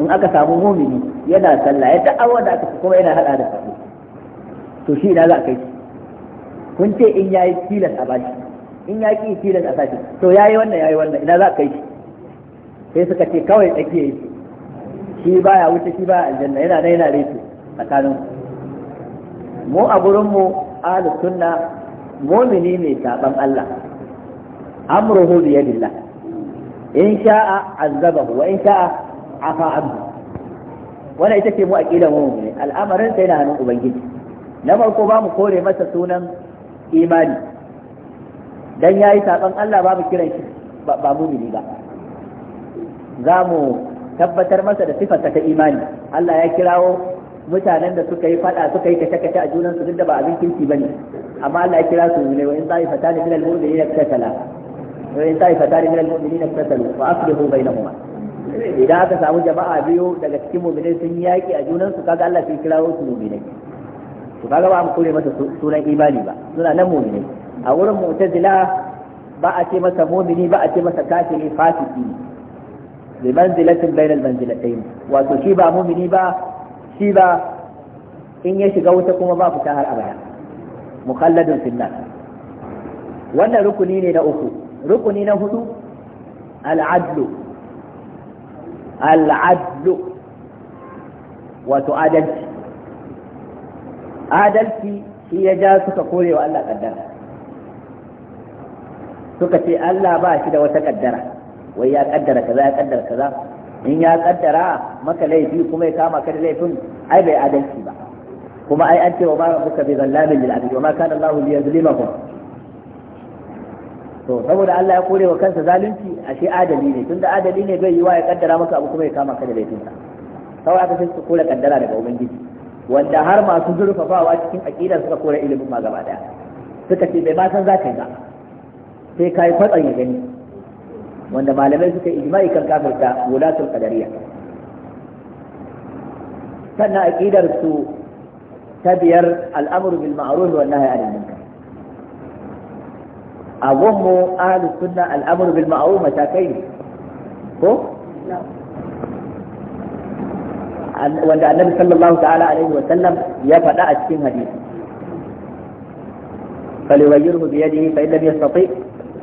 in aka samu mumini yana sallah ya da'awar da aka kuma yana hada da sallah to shi ina za a kai kun ce in yayi tilas a bashi in ya ki tilas a sashi to yayi wannan yayi wannan ina za a kai shi sai suka ce kawai tsakiya yi shi baya wuce shi baya aljanna yana nan yana reto tsakanin mu a gurin mu ahlus sunna mu'mini mai saban Allah amruhu bi yadillah in sha'a azabahu wa in sha'a afa anhu wannan ita ce mu aqida mu ne. al'amarin sai na hannun ubangiji na farko ba mu kore masa sunan imani dan yi saban Allah ba mu kiran shi ba mumini ba za mu tabbatar masa da sifarsa ta imani Allah ya kirawo mutanen da suka yi faɗa suka yi kace kace a junansu duk da ba abin kirki ba ne. amma Allah ya kira su ne wa in ta'ifatan min al-mu'minina qatala wa in ta'ifatan min al-mu'minina qatalu fa aslihu bainahuma idan aka samu jama'a biyu daga cikin mu'minai sun yaƙi a junansu, kaga Allah sai kirawo su mu'minai to kaga ba mu kore masa sunan imani ba suna nan mu'mini a wurin mu'tazila ba a ce masa mu'mini ba a ce masa kafiri fasiki bi manzilatin bainal manzilatayn wato shi ba mu'mini ba shi ba in ya shiga wuta kuma ba fita har abada mukhalladun fil wannan rukuni ne na uku rukuni na hudu al'adlu adlu wato adalci adalci shi ya ja suka kore wa Allah kaddara suka ce Allah ba shi da wata kaddara wai ya kaddara kaza ya kaddara kaza in ya kaddara maka laifi kuma ya kama ka da laifin ai bai adalci ba kuma ai an ce wa ma rabbuka bi zallamin lil abid wa ma kana Allah li yuzlimahum to saboda Allah ya kore wa kansa zalunci ashe adali ne tunda adali ne bai yi wa ya kaddara maka abu kuma ya kama ka da laifin sa, saboda aka sai su kore kaddara daga ubangiji wanda har masu zurfafawa cikin aƙidar suka kore ilimin ma gaba daya suka ce bai ma san zaka yi ba sai kai kwatsan ya gani wanda malamai suka yi ijma'i kan kafirta wulatul qadariyya sannan aƙidar su ta biyar al'amru bil ma'ruf wa nahyi anil munkar a gunmu ahlus sunna al'amru bil ma'ruf matakai ko wanda annabi sallallahu ta'ala alaihi wa sallam ya faɗa a cikin hadisi fa فليغيره بيده فإن لم يستطيع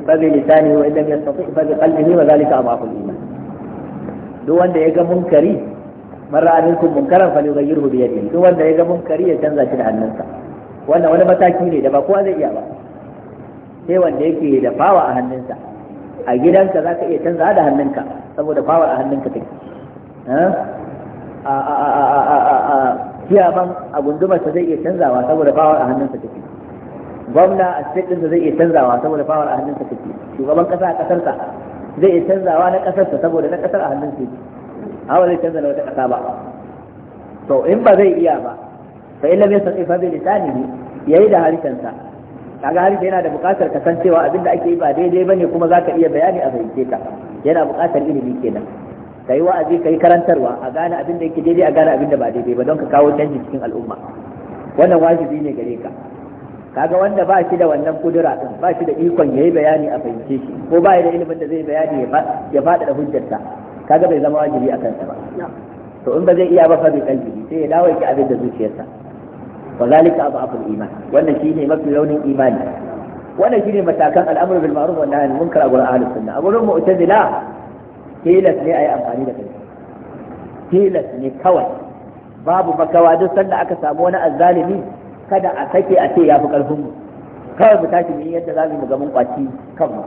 فبلسانه fa bi يستطيع wa وذلك أضعف iman duk wanda ya ga munkari marra ra'a minkum munkaran falyughayyirhu bi yadihi duk wanda ya ga munkari ya canza shi da hannunsa wannan wani mataki ne da ba kowa zai iya ba sai wanda yake da fawa a hannunsa a gidanka zaka iya canza da hannunka saboda fawa a hannunka take ha kiyaman a ta zai iya canzawa saboda bawar a hannunsa take gwamna a state zai iya canzawa saboda bawar a hannunsa take shugaban ƙasa a kasarsa zai iya canzawa na kasarsa saboda na ƙasar a hannunsa yake hawa zai canza na wata ƙasa ba to in ba zai iya ba fa illa bai san ifa bai lisanihi yayi da harshensa kaga harshe yana da buƙatar kasancewa abinda ake yi ba daidai bane kuma zaka iya bayani a fahimce ka yana buƙatar ilimi kenan Ka yi wa'azi ka yi karantarwa a gane abin da yake daidai a gane abin da ba daidai ba don ka kawo canji cikin al'umma wannan wajibi ne gare ka kaga wanda ba shi da wannan kudura din ba shi da ikon yayi bayani a fahimce shi ko ba da ilimin da zai bayani ya faɗa da hujjarsa kaga bai zama wajibi a kansa ba to in ba zai iya ba fa bi kalbi sai ya dawo ki abin da zuciyarsa wa zalika adhaful iman wannan shine mafi launin imani wannan shine matakan al'amru bil ma'ruf wa nahy anil munkar a gurin ahlus sunna a gurin mu'tazila tilas ne a yi amfani da kai tilas ne kawai babu makawa duk sanda aka samu wani azzalimi kada a sake a ce ya fi karfin mu kawai mu tashi mu yi yadda zamu mu ga mun kwaci kanmu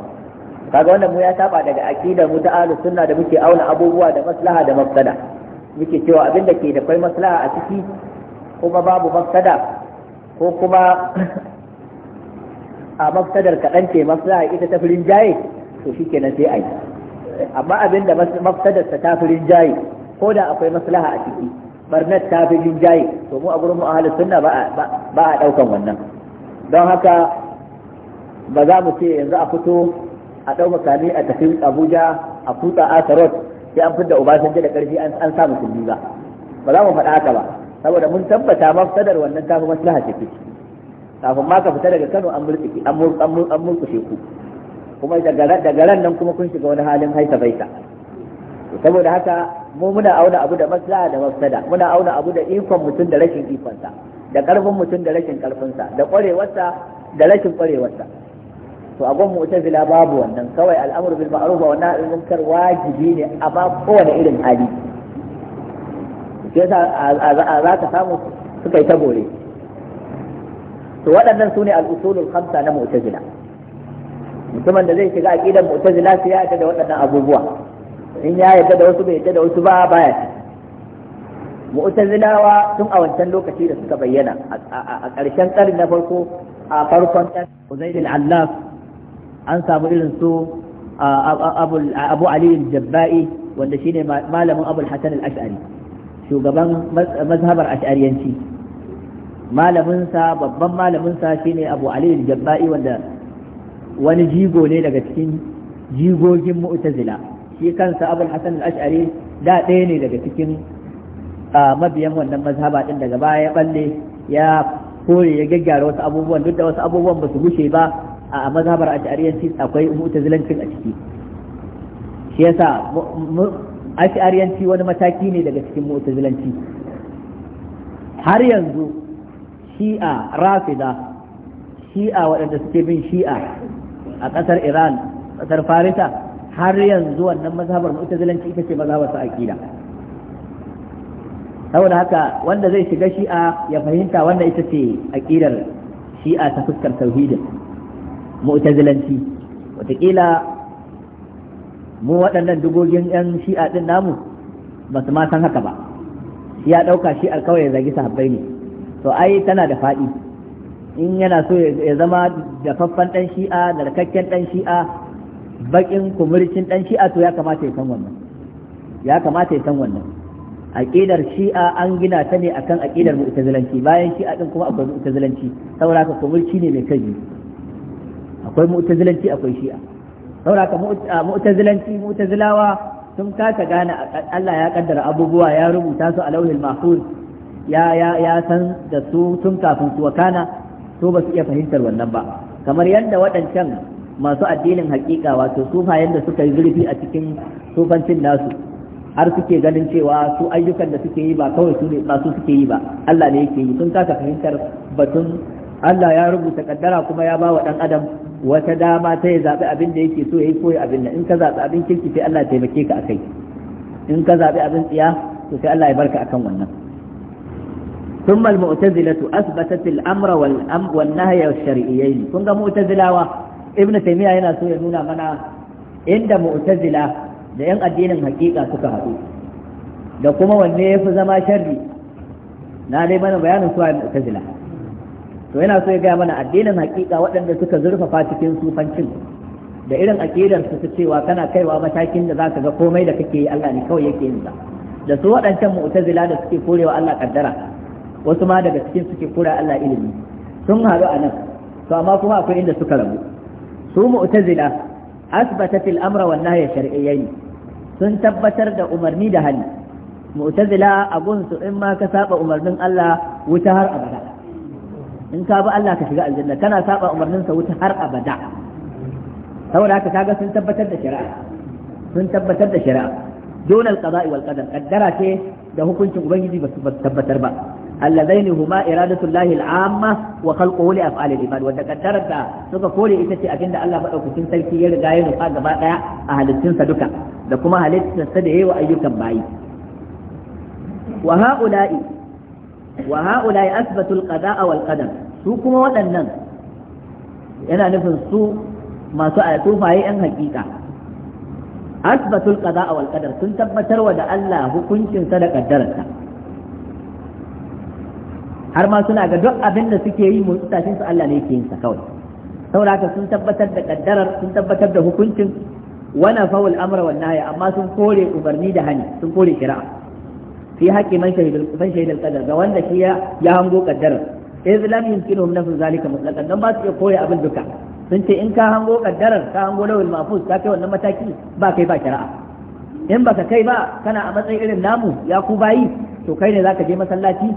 kaga wannan mu ya saba daga aqidar mu ta ahlus sunna da muke auna abubuwa da maslaha da mafsada muke cewa abin da ke da kai maslaha a ciki kuma babu mafsada ko kuma a mafsadar kaɗan ce maslaha ita ta firin jaye to shikenan sai a yi ɗin amma abin da mafsadarsa ta fi rinjaye ko da akwai maslaha a ciki barnat ta fi rinjaye to mu a gurin mu'ahalin sunna ba a ɗaukan wannan don haka ba za mu ce yanzu a fito a ɗau makami a tafi abuja a kutsa asarot sai an fidda obasanjo da ƙarfi an sa musulmi ba ba za mu faɗa haka ba saboda mun tabbata mafsadar wannan ta fi maslaha ce ciki kafin ma ka fita daga kano an murkushe ku kuma daga ran nan kuma kun shiga wani halin haisa baita saboda haka mu muna auna abu da maslaha da mafsada muna auna abu da ikon mutum da rashin ikonsa da karfin mutum da rashin karfinsa da kwarewarsa da rashin kwarewarsa to a gon mu'tazila babu wannan kawai al'amur bil ma'ruf wa nahy anil munkar wajibi ne a ba kowane irin hali sa yasa za ka samu suka yi ta gore to waɗannan sune al-usulul khamsa na mu'tazila mutumin da zai shiga aqidar mu'tazila sai ya yarda da waɗannan abubuwa in ya yarda da wasu bai yarda da wasu ba baya ci mu'tazilawa tun a wancan lokaci da suka bayyana a ƙarshen ƙarni na farko a farkon ƙarni Uzayd al-Allaf an samu irin su Abu Ali al-Jabba'i wanda shine malamin Abu al-Hasan al-Ash'ari shugaban mazhabar ash'ariyanci malamin babban malaminsa sa shine Abu Ali al-Jabba'i wanda wani jigo ne daga cikin jigogin mu'tazila shi kansa abul hasan al-ash'ari da ɗaya ne daga cikin mabiyan wannan mazhaba din daga baya ya balle ya kore ya gaggara wasu abubuwan duk da wasu abubuwan ba su gushe ba a mazhabar ash'ariyanci akwai mu'tazilancin a ciki shi yasa ash'ariyanci wani mataki ne daga cikin mu'tazilanci har yanzu shi'a rafida shi'a waɗanda suke bin shi'a a ƙasar iran ƙasar farisa har yanzu wannan mazhabar mu'tazilanci ita ce mazhabar su aqida saboda haka wanda zai shiga shi'a ya fahimta wanda ita ce aqidar shi'a ta fuskar tauhidin mu'tazilanci wataƙila mu waɗannan dugogin 'yan shi'a ɗin namu ba su ma san haka ba ya ɗauka shi'ar kawai ya zagi sahabbai ne to ai tana da faɗi in yana so ya zama dafaffen dan shi'a da rakakken dan shi'a bakin kumurcin dan shi'a to ya kamata ya san wannan ya kamata ya san wannan aqidar shi'a an gina ta ne akan aqidar mu'tazilanci bayan shi'a din kuma akwai mu'tazilanci saboda ka kumurci ne mai kai akwai mu'tazilanci akwai shi'a saboda ka mu'tazilanci mu'tazilawa sun kasa gane Allah ya kaddara abubuwa ya rubuta su a lauhin mahfuz ya ya ya san da su tun kafin su wakana su ba su iya fahimtar wannan ba kamar yadda waɗancan masu addinin hakika wato sufayen da suka yi zurfi a cikin sufancin nasu har suke ganin cewa su ayyukan da suke yi ba kawai su ne su suke yi ba Allah ne yake yi sun kasa fahimtar batun Allah ya rubuta kaddara kuma ya ba wa dan adam wata dama ta ya zaɓi abin da yake so ya yi koyi abin in ka zaɓi abin kirki sai Allah ya taimake ka akai in ka zaɓi abin tsiya to sai Allah ya barka akan wannan ثم المعتزلة أثبتت الأمر والنهي الشرعيين كن معتزلة ابن تيمية هنا سوى نونا منا عند معتزلة da 'yan addinin hakika suka haɗu da kuma wanne ya fi zama sharri na dai mana bayanin suwa mu'tazila to yana so ya gaya mana addinin hakika waɗanda suka zurfafa cikin sufancin da irin aƙidar su su cewa kana kaiwa matakin da zaka ga komai da kake yi Allah ne kawai yake yin sa da su waɗancan mu'tazila da suke korewa Allah kaddara wasu ma daga cikin suke kura Allah ilimi sun haɗu a nan to amma kuma akwai inda suka rabu su mu'tazila asbata fil amra wan nahya shar'iyyain sun tabbatar da umarni da hali mu'tazila abun su in ma ka saba umarnin Allah wuta har abada in ka bi Allah ka shiga aljanna kana saba umarnin sa wuta har abada saboda haka kaga sun tabbatar da shari'a sun tabbatar da shari'a dole alqada'i wal qadar kaddara ce da hukuncin ubangiji ba tabbatar ba alladaini huma lahi al'amma wa khalquhu li af'ali al-ibad wanda kaddarar da suka kore ita ce abinda Allah madaukakin sarki ya riga ya nufa gaba daya a halittun sa duka da kuma halittar sa da yayi wa ayyukan bayi wa ha'ula'i wa ha'ula'i asbatu al-qada'a wal qadar su kuma waɗannan yana nufin su masu a tufaye yan hakika asbatul qada'a wal qadar sun tabbatar wa da Allah hukuncin sa da kaddararsa har ma suna ga duk abin da suke yi motsi su Allah ne yake yin sa kawai saboda sun tabbatar da kaddarar sun tabbatar da hukuncin wana fawul amra wan nahya amma sun kore umarni da hani sun kore shari'a fi haqqi man shahidul man shahidul qadar ga wanda shi ya ya hango kaddarar iz lam yumkinuhum nafu zalika mutlaqan dan ba su iya kore abin duka sun ce in ka hango kaddarar ka hango lawul mahfuz ka kai wannan mataki ba kai ba shari'a in baka kai ba kana a matsayin irin namu ya ku bayi to kai ne zaka je masallaci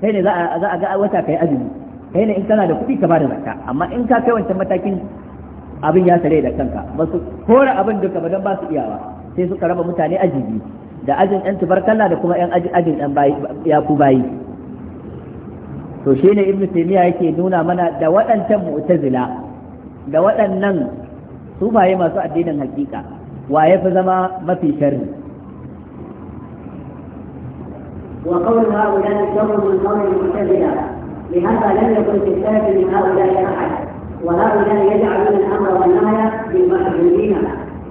sai ne za a ga wata kai azumi kai ne in kana da kuɗi ka bada zakka amma in ka kai wancan matakin abin ya sare da kanka ba su kora abin duka ba don ba su iyawa sai suka raba mutane ajibi da ajin ɗan tubarkalla da kuma ɗan ajin ɗan bayi ya ku bayi to ne ibnu taymiya yake nuna mana da waɗancan mu'tazila da waɗannan sufaye masu addinin hakika wa ya fi zama mafi sharri وقول هؤلاء شر من قول المعتزلة لهذا لم يكن في السلف من هؤلاء أحد وهؤلاء يجعلون الأمر والنهي بالمحجوبين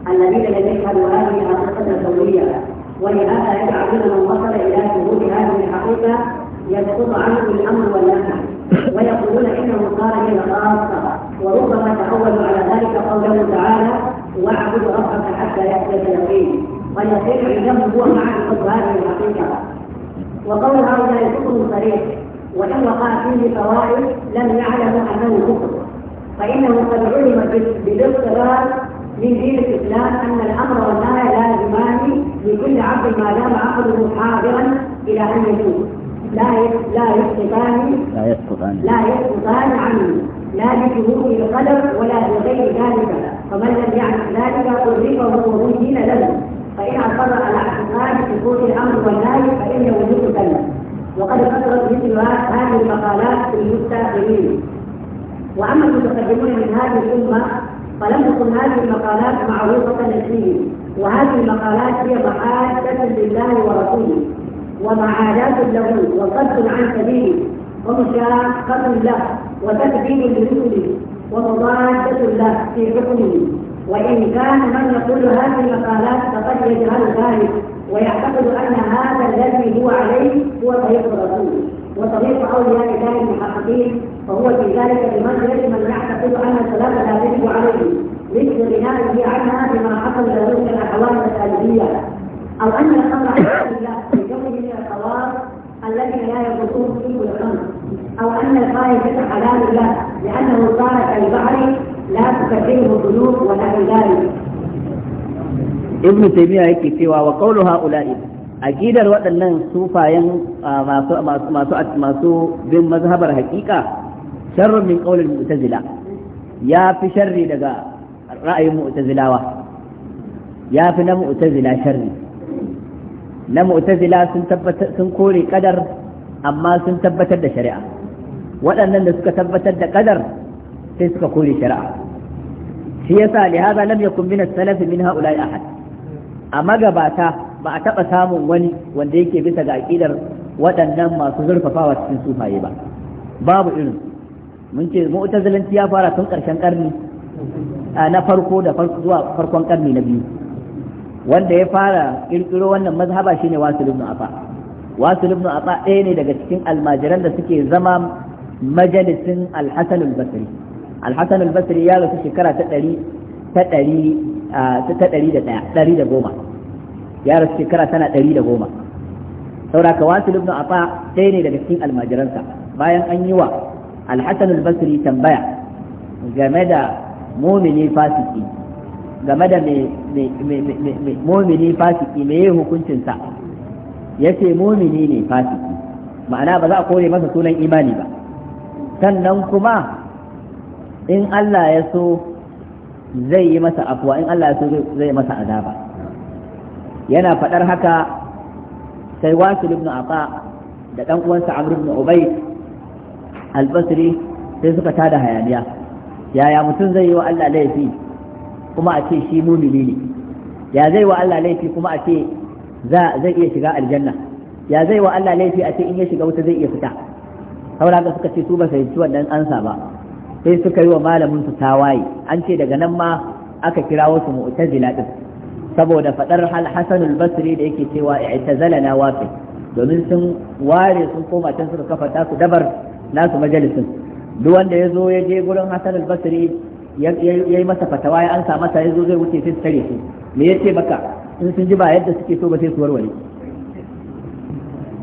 الذين لم يشهدوا هذه الحقيقة الكونية ولهذا يجعلون من وصل إلى شهود هذه الحقيقة يسقط عنه الأمر والنهي ويقولون إنه قال إلى خاصة وربما تحولوا على ذلك قوله تعالى واعبد ربك حتى يأتيك اليقين واليقين عندهم هو معنى حب هذه الحقيقة وقول هؤلاء الحكم صريح وإن وقع فيه فوائد لم يعلموا أنه كفر فإنه قد علم بالاضطرار من دين الإسلام أن الأمر والنهي لازمان لكل عبد ما دام عقله حاضرا إلى أن يكون لا لا يسقطان لا يسقطان لا يسقطان عنه لا بجمود القدر ولا بغير ذلك فمن لم يعرف ذلك اضيفه وهو دين له إن اعترض على في سقوط الأمر والنهي فإن وجوده سلم وقد كثرت مثل هذه المقالات في المستقبلين وأما المتقدمون من هذه الأمة فلم تكن هذه المقالات معروفة لديهم وهذه المقالات هي محادة لله ورسوله ومعاداة له وصد عن سبيله ومشاقة له وتكذيب لرسله ومضادة له في حكمه وإن كان من يقول هذه المقالات فقد يجهل ذلك ويعتقد أن هذا الذي هو عليه هو طريق الرسول وطريق أولياء الله المحققين فهو في ذلك بمنزلة من يعتقد أن السلام لا يجب عليه مثل بنائه عنها بما حصل له من الأحوال الأدبية أو أن ibn taymiya yake cewa wa qawlu haula'i aqidar waɗannan sufayen masu masu masu bin mazhabar haqiqa sharrun min qawlil mu'tazila ya fi sharri daga ra'ayin mu'tazilawa ya fi na mu'tazila sharri na mu'tazila sun tabbatar sun kore kadar amma sun tabbatar da shari'a waɗannan da suka tabbatar da ƙadar sai suka kore shari'a shi yasa lihaza lam yakun min as-salaf min ha'ula'i ahad a magabata ba a taɓa samun wani wanda yake bisa ga aƙidar waɗannan masu zurfafawa cikin sufaye ba babu irin mun ce mu'tazilanci ya fara tun ƙarshen ƙarni na farko da zuwa farkon ƙarni na biyu wanda ya fara ƙirƙiro wannan mazhaba shine wasil ibn afa wasil ibn afa ɗaya ne daga cikin almajiran da suke zama majalisin al-hasan al-basri basri ya rasu shekara ta ɗari ta ɗari ya rasu shekara tana ɗari da goma sauraka wasu ibn afa ɗaya ne daga cikin almajiransa bayan an yi wa alhassan albasri tambaya game da momini fasiki game da momini fasiki mai hukuncinsa ya ce momini ne fasiki ma'ana ba za a kore masa sunan imani ba sannan kuma in Allah ya so zai yi masa afuwa in Allah ya so zai masa azaba yana faɗar haka sai wasu ibn aqa da dan uwansa amr ibn ubayd al-basri sai suka tada hayaniya yaya mutum zai yi wa Allah laifi kuma a ce shi mumini ne ya zai wa Allah laifi kuma a ce za zai iya shiga aljanna ya zai wa Allah laifi a ce in ya shiga wuta zai iya fita saboda haka suka ce su ba sai ci wannan ansa ba sai suka yi wa malamin su tawaye an ce daga nan ma aka kira wasu mu'tazila din saboda fadar hal hasan al-basri da yake cewa i'tazalana wafi domin sun ware sun koma can suka kafa tasu dabar nasu majalisin duk wanda ya zo ya je gurin hasan al-basri ya yi masa fatawa ya ansa masa ya zo zai wuce sai tare shi me yace baka in sun ji ba yadda suke so ba sai su warware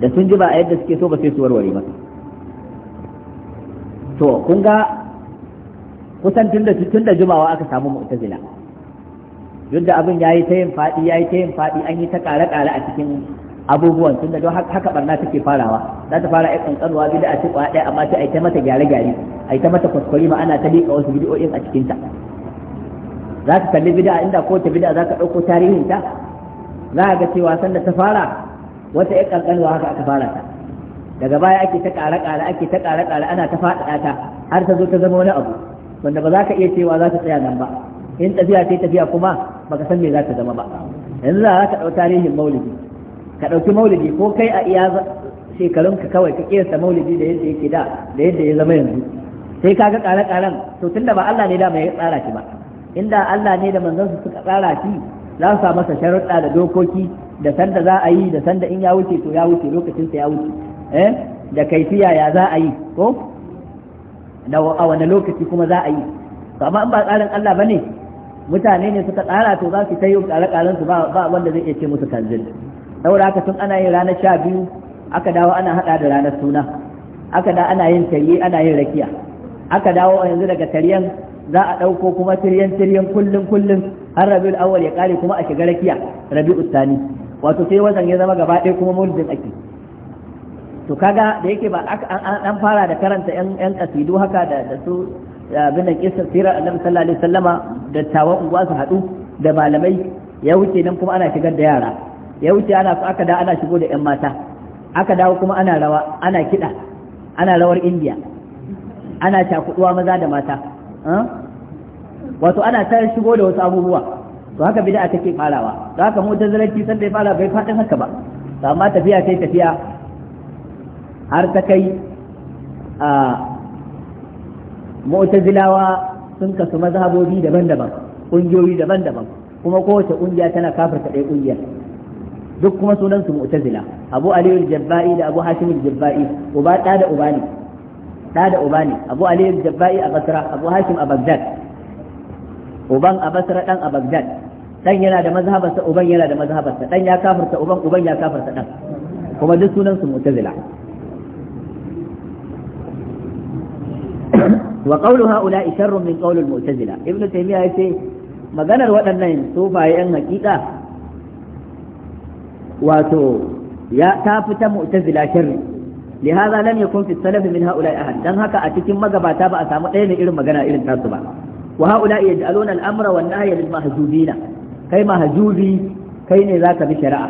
da sun ji ba a yadda suke so ba sai su warware ba to kun ga kusan tun da jimawa aka samu mu'tazila duk da abin yayi ta yin fadi yayi ta yin fadi an yi ta kare kare a cikin abubuwan tunda don haka barna take farawa za ta fara aikin tsanuwa bida a cikin ɗaya amma sai a ta mata gyare gyare a ta mata kwaskwari ma ana ta liƙa wasu bidiyoyin a cikin ta za ka kalli bida inda ko ta bida za ka ɗauko tarihin ta za ka ga cewa sanda ta fara wata ƴan ƙanƙanuwa haka aka fara ta daga baya ake ta kare kare ake ta kare kare ana ta faɗaɗa ta har ta zo ta zama wani abu wanda ba za ka iya cewa za ta tsaya nan ba in tafiya ta tafiya kuma ba ka san me za ta zama ba yanzu za ka ɗau tarihin maulidi ka ɗauki maulidi ko kai a iya shekarun ka kawai ka kiyasta maulidi da yadda yake da da yadda ya zama yanzu sai ka ga ƙare-ƙaren to tunda ba Allah ne da mai tsara shi ba inda Allah ne da manzon su suka tsara shi za su sa sharuɗa da dokoki da sanda za a yi da sanda in ya wuce to ya wuce lokacin sa ya wuce eh da kaifiya ya za a yi ko da a wani lokaci kuma za a yi to amma in ba tsarin Allah bane mutane ne suka tsara to za su ta yi tsare-tsaren su ba wanda zai iya ce musu kanzil saboda haka tun ana yin ranar sha biyu aka dawo ana hada da ranar suna aka da ana yin tarye ana yin rakiya aka dawo yanzu daga taryen za a ɗauko kuma tiryen tiryen kullum kullum har rabiul awwal ya kare kuma a shiga rakiya rabiul thani wato sai wannan ya zama gaba ɗaya kuma mulkin ake to kaga da yake ba an fara da karanta yan yan kasidu haka da da su abin da kisa sirar annabi sallallahu alaihi wasallama da tawa unguwa su hadu da malamai ya wuce nan kuma ana shigar da yara ya wuce ana aka da ana shigo da yan mata aka dawo kuma ana rawa ana kida ana rawar indiya ana cakuduwa maza da mata wato ana ta shigo da wasu abubuwa to haka bid'a take farawa da haka mu da zalanci san da fara bai fadin haka ba amma tafiya sai tafiya har ta kai a mu'tazilawa sun kasu mazhabobi daban-daban ƙungiyoyi daban-daban kuma kowace ƙungiya tana kafarta ɗaya ƙungiyar duk kuma sunan su mu'tazila abu aliyu jabba'i da abu hashim jabba'i uba ɗa da uba ne ɗa da uba ne abu aliyu jabba'i a basra abu hashim a bagdad uban a basra ɗan a bagdad ɗan yana da mazhabarsa uban yana da mazhabarsa ɗan ya kafarta uban uban ya kafarta ɗan kuma duk sunan su mu'tazila wa qawlu haula sharrun min qawli al-mu'tazila ibnu taymiya yace maganar waɗannan sufaye yan hakika wato ya ta fita mu'tazila sharri لهذا لم يكن في السلف من هؤلاء أحد دان هكا أتكين مغباتا بقى سامو ɗaya mai irin magana irin tasu ba وهؤلاء يجعلون الأمر والنهي للمهجوبين كي مهجوبي كي ذاك بشرع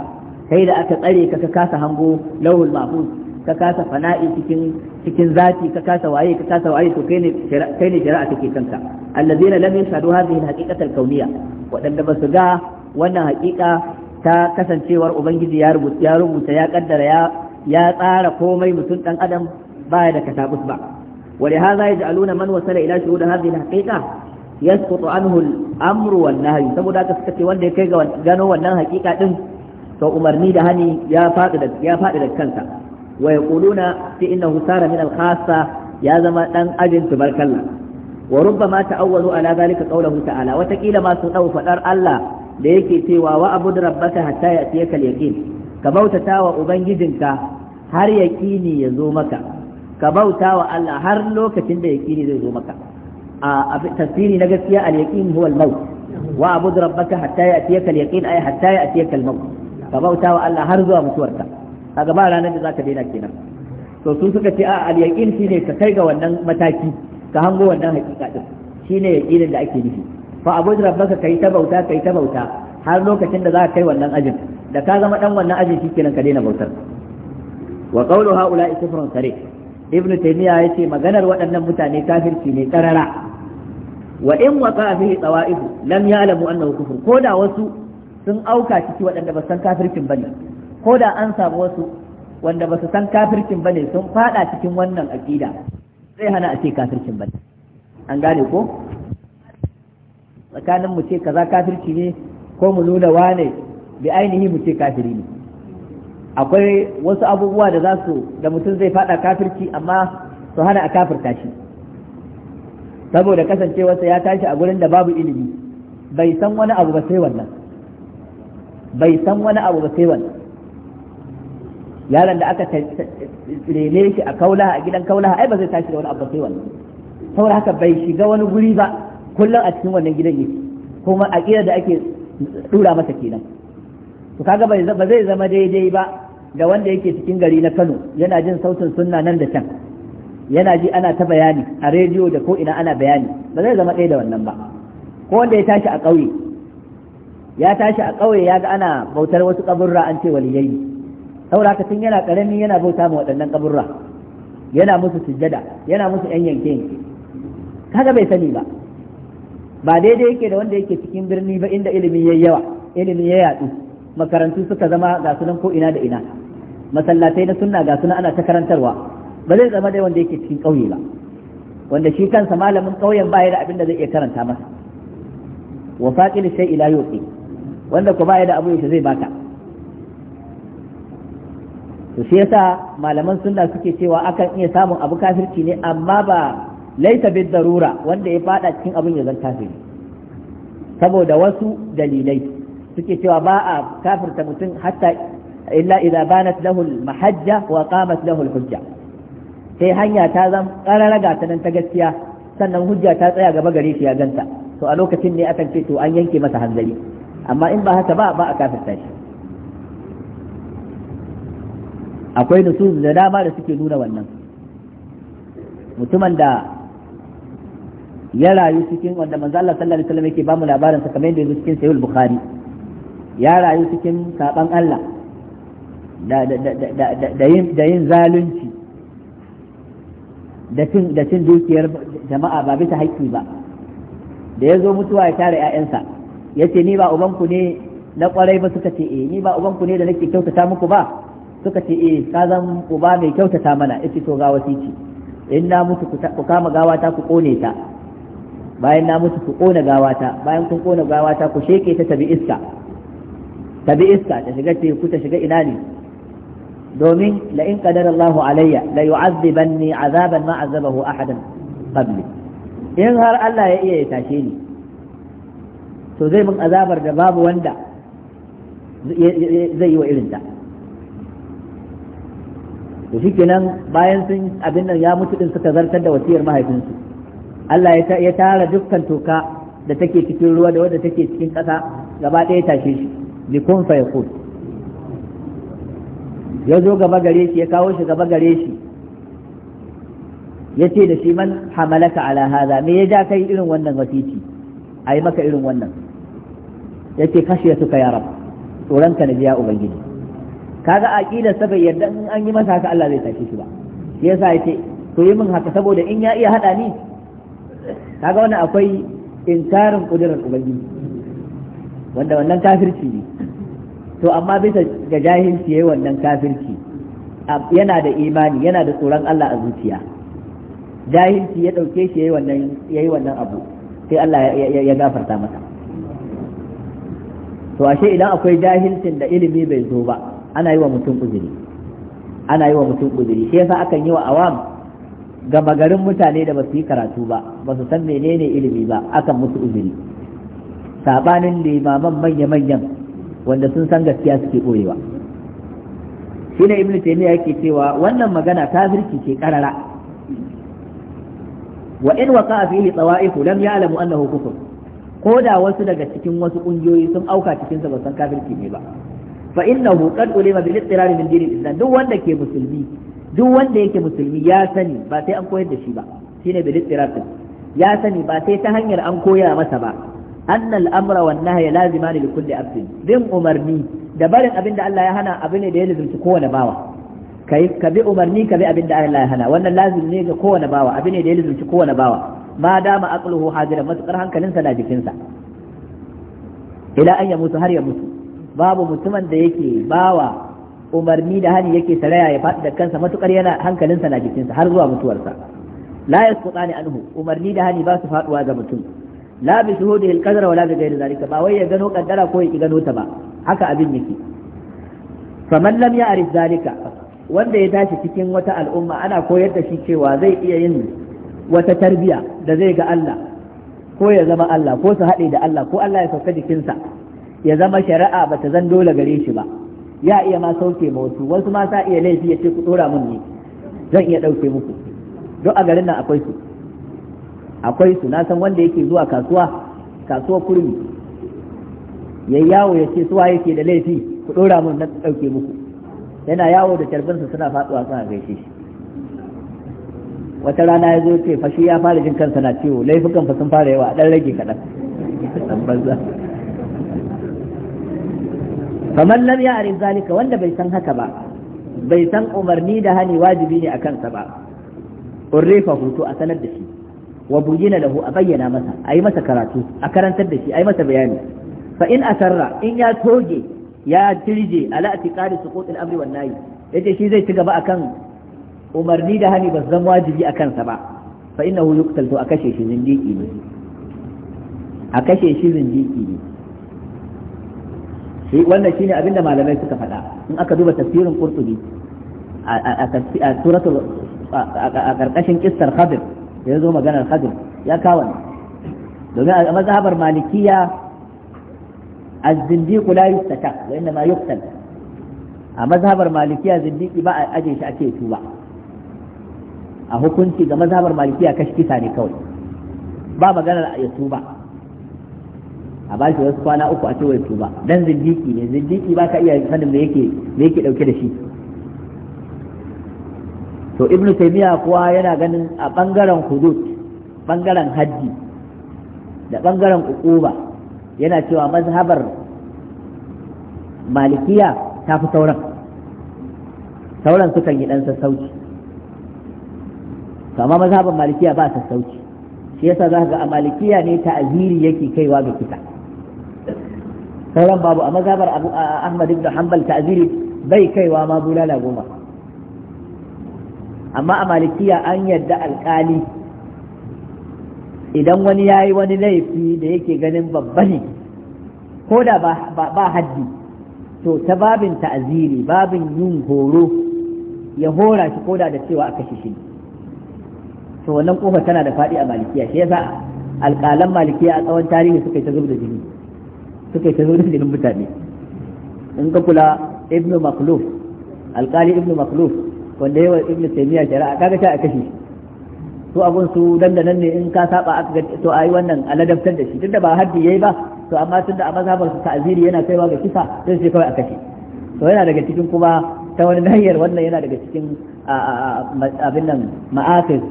كي لا أكتري ككاسة هنبو لوه المحفوظ ka kasa fana'i cikin cikin zati ka kasa waye ka kasa waye to kai ne kai ne shari'a take kanka allazina lam yashhadu hadhihi alhaqiqata alkawniyya wadanda ba su ga wannan haƙiƙa ta kasancewar ubangiji ya rubuta ya rubuta ya kaddara ya ya tsara komai mutum dan adam baya da katabus ba ولهذا يجعلون من وصل إلى شهود هذه الحقيقة yasqutu anhu al-amru wan nahyu saboda haka suka ce wanda ya kai ga gano wannan hakika din to umarni da hani ya faɗi da ya faɗi da kansa wa yaquluna fi innahu sara min al ya zama dan ajin tubarkalla wa rubbama ta'awwalu ala zalika qawluhu ta'ala wa taqila ma su dau Allah da yake cewa wa abud rabbaka hatta ya'tiyaka al-yaqin ka bautata wa ubangijinka har yaqini ya zo maka ka wa Allah har lokacin da yaqini zai zo maka a na gaskiya al-yaqin hatta wa Allah har zuwa mutuwarta. kaga ba ranar da za zaka daina kenan to sun suka ce a al-yaqin shine ka kai ga wannan mataki ka hango wannan hakika din shine yaqinin da ake nufi fa abud rabbaka kai ta bauta kai ta bauta har lokacin da za ka kai wannan ajin da ka zama dan wannan ajin shikenan ka daina bautar wa qawlu haula'i kufrun sare ibn taymiya yace maganar waɗannan mutane kafirci ne karara wa in waqa fihi tawa'ifu lam ya'lamu annahu kufr ko da wasu sun auka ciki waɗanda ba san kafircin bane ko da an samu wasu wanda ba su san kafircin ba ne sun fada cikin wannan aqida zai hana a ce kafircin ne. an gane ko tsakanin mu ce kaza kafirci ne ko mu nuna wane bi ainihi mu ce kafiri ne akwai wasu abubuwa da za su da mutum zai fada kafirci amma su hana a kafirta shi saboda kasancewarsa ya tashi a gurin da babu ilimi bai san wani abu ba sai wannan bai san wani abu ba sai wannan yaron da aka rene shi a kaulaha a gidan kaulaha ai ba zai tashi da wani abu sai wannan saboda haka bai shiga wani guri ba kullum a cikin wannan gidan yake kuma a kira da ake dura masa kenan to kaga ba zai zama daidai ba da wanda yake cikin gari na Kano yana jin sautin sunna nan da can yana ji ana ta bayani a rediyo da ko ina ana bayani ba zai zama ɗaya da wannan ba ko wanda ya tashi a ƙauye ya tashi a ƙauye ya ga ana bautar wasu kaburra an ce waliyayi saboda haka tun yana karami yana bauta ma waɗannan kaburra yana musu sujjada yana musu yan yanke yanke kaga bai sani ba ba daidai yake da wanda yake cikin birni ba inda ilimi yayi yawa ilimi ya yaɗu. makarantu suka zama ga sunan ko ina da ina masallatai na sunna ga sunan ana ta karantarwa ba zai zama dai wanda yake cikin ƙauye ba wanda shi kansa malamin ƙauyen baya da abin da zai iya karanta masa wa faqil ila yuqi wanda ko baya da abu yake zai baka to shi yasa malaman sunna suke cewa akan iya samun abu kafirci ne amma ba laita bi darura wanda ya fada cikin abin ya zan kafiri saboda wasu dalilai suke cewa ba a kafirta mutum hatta illa idza banat lahu al-mahajja wa qamat lahu al-hujja sai hanya ta zan kararraga ta nan ta gaskiya sannan hujja ta tsaya gaba gare shi ya ganta to a lokacin ne akan ce to an yanke masa hanzari amma in ba haka ba ba a kafirta shi akwai su da dama da suke nuna wannan mutumin da ya rayu cikin wanda manzo Allah sallallahu alaihi wasallam yake ba mu labarin sa kamar yadda cikin sahih bukhari ya rayu cikin saban Allah da da da da yin da yin zalunci da cin da cin dukiyar jama'a ba bisa haƙƙi ba da ya zo mutuwa ya tare ƴaƴansa yace ni ba ubanku ne na kwarai ba suka ce eh ni ba ubanku ne da nake kyautata muku ba suka ce eh ka zan uba mai kyautata mana yace to ga wasici in na mutu ku kama gawata ku kone ta bayan na mutu ku kona gawata bayan kun kona gawata ku sheke ta tabi iska tabi iska ta shiga ce ku ta shiga ina ne domin la in qadara Allahu alayya la yu'azzibanni azaban ma azabahu ahadan qabli in har Allah ya iya ya tashe ni to zai min azabar da babu wanda zai yi wa irinta to kenan bayan sun abin nan ya mutu din suka zartar da wasiyar mahaifinsu Allah ya tara dukkan toka da take cikin ruwa da wadda take cikin ƙasa gaba ɗaya tashe shi likun fa yakun ya zo gaba gare shi ya kawo shi gaba gare shi ya ce da shi man hamalaka ala haza me ya ja kai irin wannan wasiti a yi maka irin wannan ya ce kashe suka ya rab tsoronka na biya ubangiji kaga aqila sa bai yarda in an yi masa haka Allah zai tashi shi ba shi yasa yace to yi min haka saboda in ya iya hada ni kaga wannan akwai inkarin kudirar ubangiji wanda wannan kafirci ne to amma bisa ga jahilci yayi wannan kafirci yana da imani yana da tsoron Allah a zuciya jahilci ya dauke shi yayi wannan yayi wannan abu sai Allah ya gafarta masa to ashe idan akwai jahilcin da ilimi bai zo ba ana yi wa mutum uzuri ana yi wa mutum uzuri shi yasa akan yi wa awam gama garin mutane da basu yi karatu ba ba su san menene ilimi ba akan musu uzuri sabanin limaman manya-manyan wanda sun san gaskiya suke boyewa shi ne ibnu taymiya yake cewa wannan magana kafirci ce karara wa in waqa fihi tawa'ifu lam ya'lamu annahu kufr ko da wasu daga cikin wasu kungiyoyi sun auka cikin sa ba san kafirci ne ba fa innahu qad ulima bil ittirar min dinil islam duk wanda ke musulmi duk wanda yake musulmi ya sani ba sai an koyar da shi ba shine bil ittirar ya sani ba sai ta hanyar an koya masa ba annal amra wan nahya lazimani li kulli abdin bin umarni da barin abin Allah ya hana abu ne da ya lazimci kowane bawa kai ka bi umarni ka bi abinda Allah ya hana wannan lazim ne ga kowane bawa abin ne da ya lazimci kowane bawa ma dama aqluhu hadira matukar hankalinsa na jikinsa ila an ya mutu har ya mutu babu mutumin da yake bawa umarni da hani yake saraya ya faɗi da kansa matukar yana hankalinsa na jikinsa har zuwa mutuwarsa la yasqutani anhu umarni da hani ba su faduwa ga mutum la bi shuhudi al-qadara wala bi ghairi zalika ba wai ya gano kaddara ko ya gano ta ba haka abin yake faman lam ya'rif zalika wanda ya tashi cikin wata al'umma ana koyar da shi cewa zai iya yin wata tarbiya da zai ga Allah ko ya zama Allah ko su haɗe da Allah ko Allah ya sauka jikinsa ya zama shari'a ba ta zan dole gare shi ba ya iya ma sauke ma wasu wasu ma sa iya laifi ya ce ku dora mun ne zan iya ɗauke muku don a garin nan akwai su akwai su na san wanda yake zuwa kasuwa kasuwa kurmi ya yawo ya ce suwa yake da laifi ku dora mun na ɗauke muku yana yawo da sa suna faduwa suna gaishe shi wata rana ya zo ce fashi ya fara jin kansa na ciwo laifukan fa sun fara yawa dan rage kaɗan kamar lam ya'rif zalika wanda bai san haka ba bai san umarni da hani wajibi ne akan sa ba urrifa hutu a sanar da shi wa bugina lahu a bayyana masa a yi masa karatu a karantar da shi a yi masa bayani fa in asarra in ya toge ya tirje ala atiqadi suqutil amri wan nahi yace shi zai ci gaba akan umarni da hani ba zan wajibi akan sa ba fa innahu yuqtal to a kashe shi zindiki ne a kashe shi zindiki ne shi wannan shine abinda malamai suka faɗa in aka duba tafsirin qurtubi a suratul a karkashin kissar khadir ya zo maganar khadir ya kawo domin a mazhabar malikiya az-zindiq la yustata wa inma yuqtal a mazhabar malikiya zindiki ba a aje shi ake tuba a hukunci ga mazhabar malikiya kashi kisa ne kawai ba maganar ya tuba a bashi wasu kwana uku a ce wai tuba dan zindiki ne zindiki ba ka iya sanin me yake me yake dauke da shi to ibnu taymiya kuwa yana ganin a bangaren hudud bangaren haddi da bangaren ukuba yana cewa mazhabar malikiya ta fi sauran sauran sukan yi dan sassauci to amma mazhabar malikiya ba sassauci shi yasa za ga a malikiya ne ta'aziri yake kaiwa ga kita sauran babu a mazabar abu ahmad ibn hanbal ta'ziri bai kaiwa ma bulala goma amma a malikiya an yadda alkali idan wani yayi wani laifi da yake ganin babba ne ko da ba haddi to ta babin ta'ziri babin yin horo ya hora shi koda da cewa aka kashe shi to wannan kofa tana da faɗi a malikiya shi yasa alƙalan malikiya a tsawon tarihi suka yi ta zub da jini suka yi ta zo da jinin mutane in ka kula ibnu makluf alkali ibnu makluf wanda yawa ibnu taymiya shari'a kaga ta a kashe to abun su dandanan ne in ka saba aka ga to ayi wannan aladabtar da shi tunda ba haddi yayi ba to amma tunda a mazhabar su ta'ziri yana kaiwa ga kisa sai sai kawai a kashi. to yana daga cikin kuma ta wani nahiyar wannan yana daga cikin abin nan ma'afis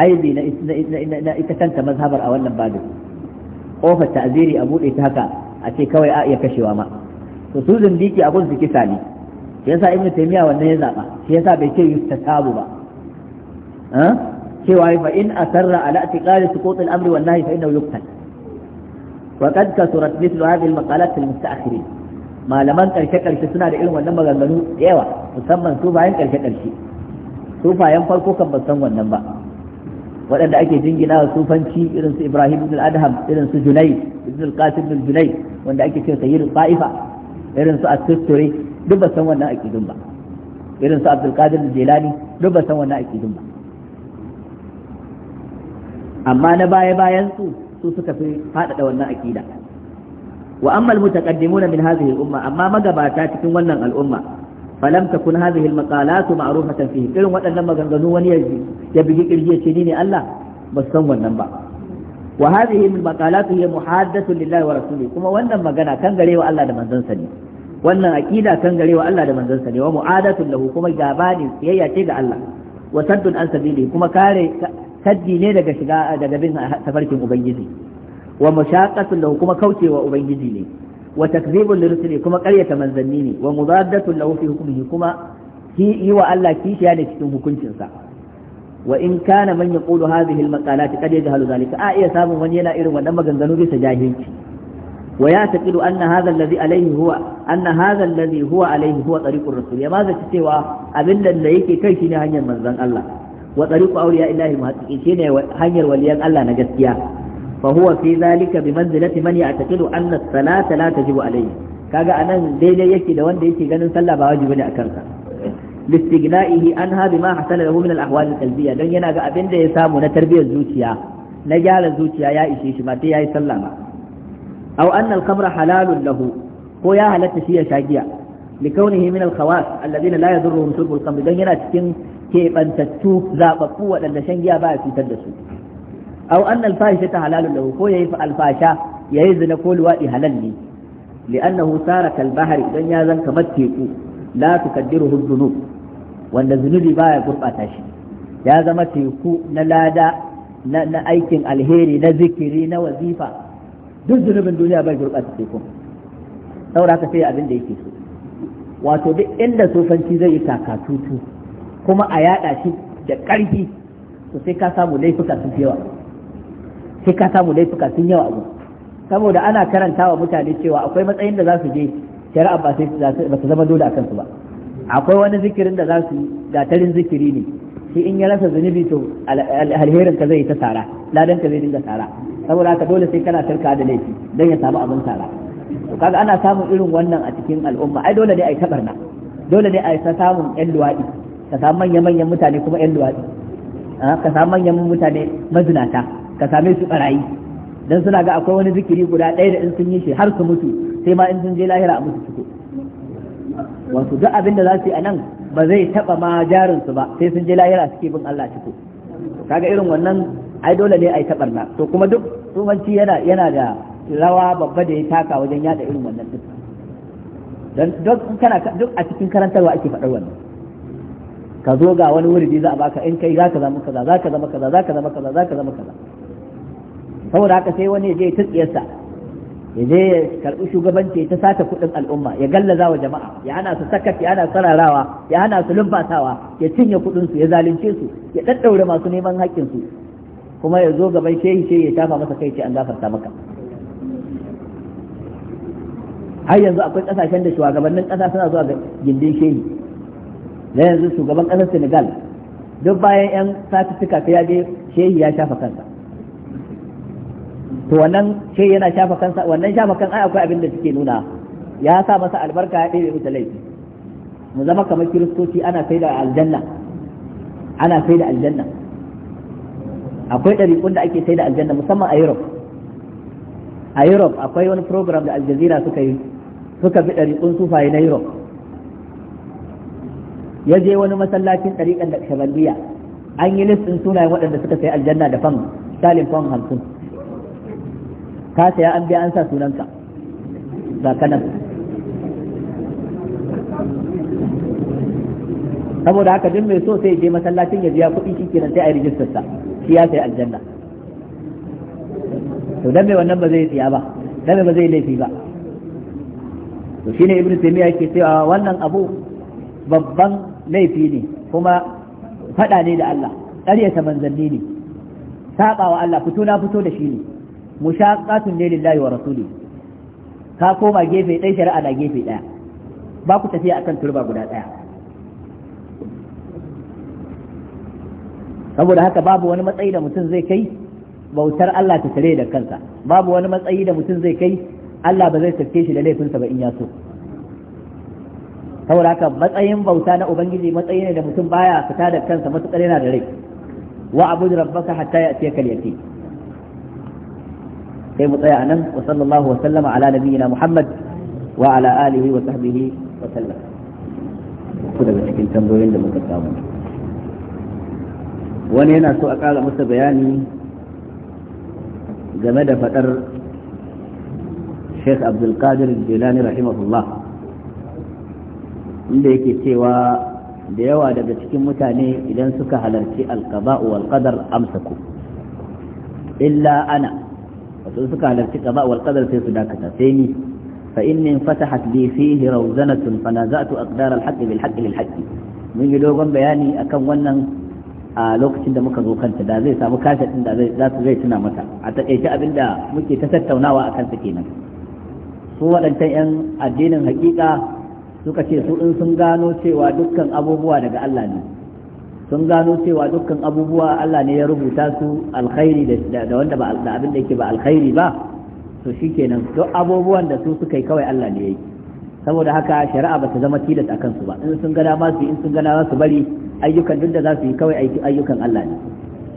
aibi na ita kanta mazhabar a wannan babin kofar ta'ziri a buɗe ta haka a ce kawai a iya kashewa ma to su zindiki abun su kisa ne shi yasa ibnu taymiya wannan ya zaba shi yasa bai ce yustatabu ba cewa fa in asarra ala atiqali suqut al-amri wan nahy fa innahu yuqtal wa qad kasurat mithlu hadhihi al-maqalat al-musta'khirin malaman karshe karshe suna da irin wannan maganganu yawa musamman su bayan karshe karshe su bayan farko kan ban san wannan ba waɗanda ake jingina wa sufanci irin su Ibrahim ibn Adham irin su Junai, ibn al-Qasim ibn Junai wanda ake cewa sayyidu Taifa irin su At-Tusturi duk ba san wannan aqidun ba irin su Abdul Qadir Jilani duk ba san wannan aqidun ba amma na baya bayan su su suka fi faɗaɗa wannan aqida wa amma al-mutaqaddimuna min hadhihi al-umma amma magabata cikin wannan al'umma falam takun hadhihi almaqalatu ma'rufatan fihi irin waɗannan maganganu wani ya bigi kirji ce ni ne Allah ba san wannan ba wa hadhihi almaqalatu hiya muhaddathu lillahi wa rasulihi kuma wannan magana kan garewa Allah da manzansa ne wannan aqida kan garewa Allah da manzansa ne wa mu'adatu lahu kuma gaba ne siyayya ce ga Allah wa saddun an sabili kuma kare saddi ne daga shiga daga bin ubangiji wa kuma kaucewa ubangiji ne wa takzibun lirusuli kuma ƙaryata manzanni ne wa mudaddatun lahu fi hukmihi kuma yi wa Allah kishiya da cikin hukuncinsa wa in kana man yaqulu hadhihi al-maqalat qad yajhalu zalika a iya samun wani yana irin wannan maganganu bisa jahilci wa ya taqidu anna hadha alladhi alayhi huwa anna hadha alladhi huwa ya ma zaci cewa abin da yake kai shine hanyar manzon Allah wa tariqu awliya illahi muhaqqiqi shine hanyar waliyan Allah na gaskiya فهو في ذلك بمنزلة من يعتقد أن الصلاة لا تجب عليه كاجا أنا ديلي يكي دوان دي يكي غنن صلى بواجب لي أكرتا لاستغنائه عنها بما حصل له من الأحوال القلبية دون ينا ga abin da ya samu na tarbiyyar zuciya na gyara zuciya ya ishe shi ba sai yayi sallah ba aw anna al-khamra halalun lahu ko ya halatta shi ya لكونه من الخواص الذين لا يضرهم شرب الخمر دون yana cikin keɓantattu zaɓaɓɓu waɗanda shan giya ba ya da su Au anna al-fahishata halalun lahu ko yi alfasha fasha yayi zina ko luwadi halal ne li'annahu sara kal bahri dan ya zan kamar teku la tukaddiruhu dhunub wanda zunubi baya gurbata shi ya zama teku na lada na aikin alheri na zikiri na wazifa duk zunubin duniya bai gurbata teku saboda haka sai abin da yake so wato duk inda sofanci zai yi kakatutu kuma a yada shi da ƙarfi to sai ka samu laifuka sun yawa sai ka samu laifuka sun yawa abu saboda ana karanta wa mutane cewa akwai matsayin da za su je shari'a ba sai ba su zama dole akan su ba akwai wani zikirin da za su gatarin zikiri ne shi in ya rasa zunubi to alherin ka zai ta tara ladan ka zai dinga tara saboda haka dole sai kana tarka da laifi don ya samu abin tara to kaga ana samun irin wannan a cikin al'umma ai dole ne a yi tabarna dole ne yi ta samun yan luwadi ka samu manyan manyan mutane kuma yan luwadi ah, ka samu manyan mutane mazinata ka same su barayi dan suna ga akwai wani zikiri guda ɗaya da in sun yi shi har su mutu sai ma in sun je lahira a mutu ciko wato duk abin da za su yi a nan ba zai taba ma jarin su ba sai sun je lahira suke bin Allah ciko kaga irin wannan ai dole ne ai na to kuma duk tsumanci yana yana da rawa babba da ya taka wajen yada irin wannan duk dan duk kana duk a cikin karantarwa ake faɗar wannan ka zo ga wani wuri za a baka in kai za ka zama kaza za ka zama kaza za ka zama kaza za ka zama kaza saboda haka sai wani ya je ta tsiyarsa ya je ya karɓi shugabanci ta sata kuɗin al'umma ya gallaza wa jama'a ya hana su sakat ya hana sararawa ya hana su lumfatawa ya cinye kuɗin su ya zalunce su ya daddaure masu neman haƙƙin su kuma ya zo gaban shehi shehi ya tafa masa kai ce an gafarta maka har yanzu akwai kasashen da shugabannin kasa suna zuwa ga gindin shehi da yanzu shugaban kasar senegal duk bayan 'yan satuttuka sai ya je shehi ya shafa kansa to wannan ce yana shafa kansa wannan shafa kan ai akwai abin da suke nuna ya sa masa albarka ya ɗebe masa laifi mu zama kamar kiristoci ana sai da aljanna ana sai da aljanna akwai ɗariƙun da ake sai da aljanna musamman a Europe a Europe akwai wani program da Aljazeera suka yi suka bi ɗariƙun sufaye na Europe ya je wani masallacin ɗariƙan da Shabandiya an yi listin sunayen waɗanda suka sai aljanna da fan salin fan hamsin ka saya an biya an sa sunanka ga kanan saboda haka duk mai so sai je masallacin ya biya kuɗi shi kenan sai a rijistar sa shi ya sai aljanna to dan mai wannan ba zai tsiya ba dan mai ba zai laifi ba to shine ibnu taymiya yake cewa wannan abu babban laifi ne kuma fada ne da Allah ƙaryata manzanni ne saba wa Allah fito na fito da shi ne mushaqqatun ne lillahi wa rasuli ka koma gefe ɗaya shari'a na gefe ɗaya ba ku tafiya akan turba guda ɗaya saboda haka babu wani matsayi da mutum zai kai bautar Allah ta tare da kansa babu wani matsayi da mutum zai kai Allah ba zai tafke shi da laifinsa ba in ya so saboda haka matsayin bauta na ubangiji matsayi ne da mutum baya fita da kansa matukar yana da rai wa abu rabbaka hatta ya ce kalyati sai mu tsaya nan wa sallallahu wa sallama ala nabiyyina Muhammad wa ala alihi wa sahbihi wa sallam ku daga cikin tambayoyin da muka samu wani yana so a ƙara masa bayani game da fadar Sheikh Abdul Qadir Jilani rahimahullah inda yake cewa da yawa daga cikin mutane idan suka halarci alqada'u wal qadar amsaku illa ana wasu suka halarci qada wal qadar sai su dakata sai ni fa inni fatahat li fihi rawzanatun fa naza'tu aqdar al haqq bil haqq lil haqq mun yi dogon bayani akan wannan a lokacin da muka zo kanta da zai samu kashatin da zai zasu zai tuna mata a takaice abinda muke ta tattaunawa akan su kenan su waɗancan 'yan addinin hakika suka ce su in sun gano cewa dukkan abubuwa daga Allah ne sun gano cewa dukkan abubuwa Allah ne ya rubuta su alkhairi da wanda ba da abin da yake ba alkhairi ba to shikenan duk abubuwan da su suka yi kawai Allah ne yayi saboda haka shari'a ba ta zama tilas a kansu ba in sun gana masu in sun gana su bari ayyukan duk da za su yi kawai ayyukan Allah ne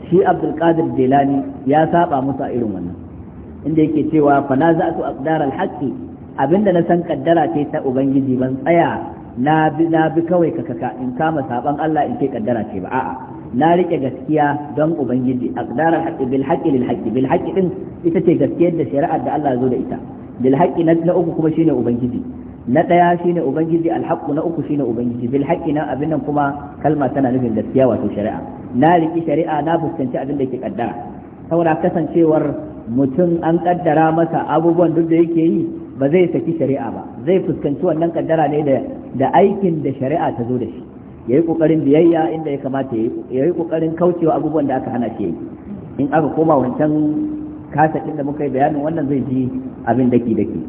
shi Abdul Qadir Jilani ya saba musu a irin wannan inda yake cewa fa na za'atu aqdar al abinda na san kaddara ce ta ubangiji ban tsaya na bi na bi kawai ka kaka in kama saban Allah in ke kaddara ce ba a'a na rike gaskiya don ubangiji aqdara haqqi bil haqqi lil haqqi bil haqqi din ita ce gaskiyar da shari'ar da Allah ya zo da ita bil haqqi na uku kuma shine ubangiji na ɗaya shine ubangiji alhaqqu na uku shine ubangiji bil haqqi na abin nan kuma kalma tana nufin gaskiya wato shari'a na riki shari'a na fuskanci abin da ke kaddara saboda kasancewar mutum an kaddara masa abubuwan duk da yake yi ba zai saki shari'a ba zai fuskanci wannan kaddara ne da aikin da shari'a ta zo da shi yayi kokarin biyayya inda ya kamata yayi yi kokarin kaucewa abubuwan da aka hana shi yi. in aka koma wancan kasa din da muka yi bayanin wannan zai ji abin daki daki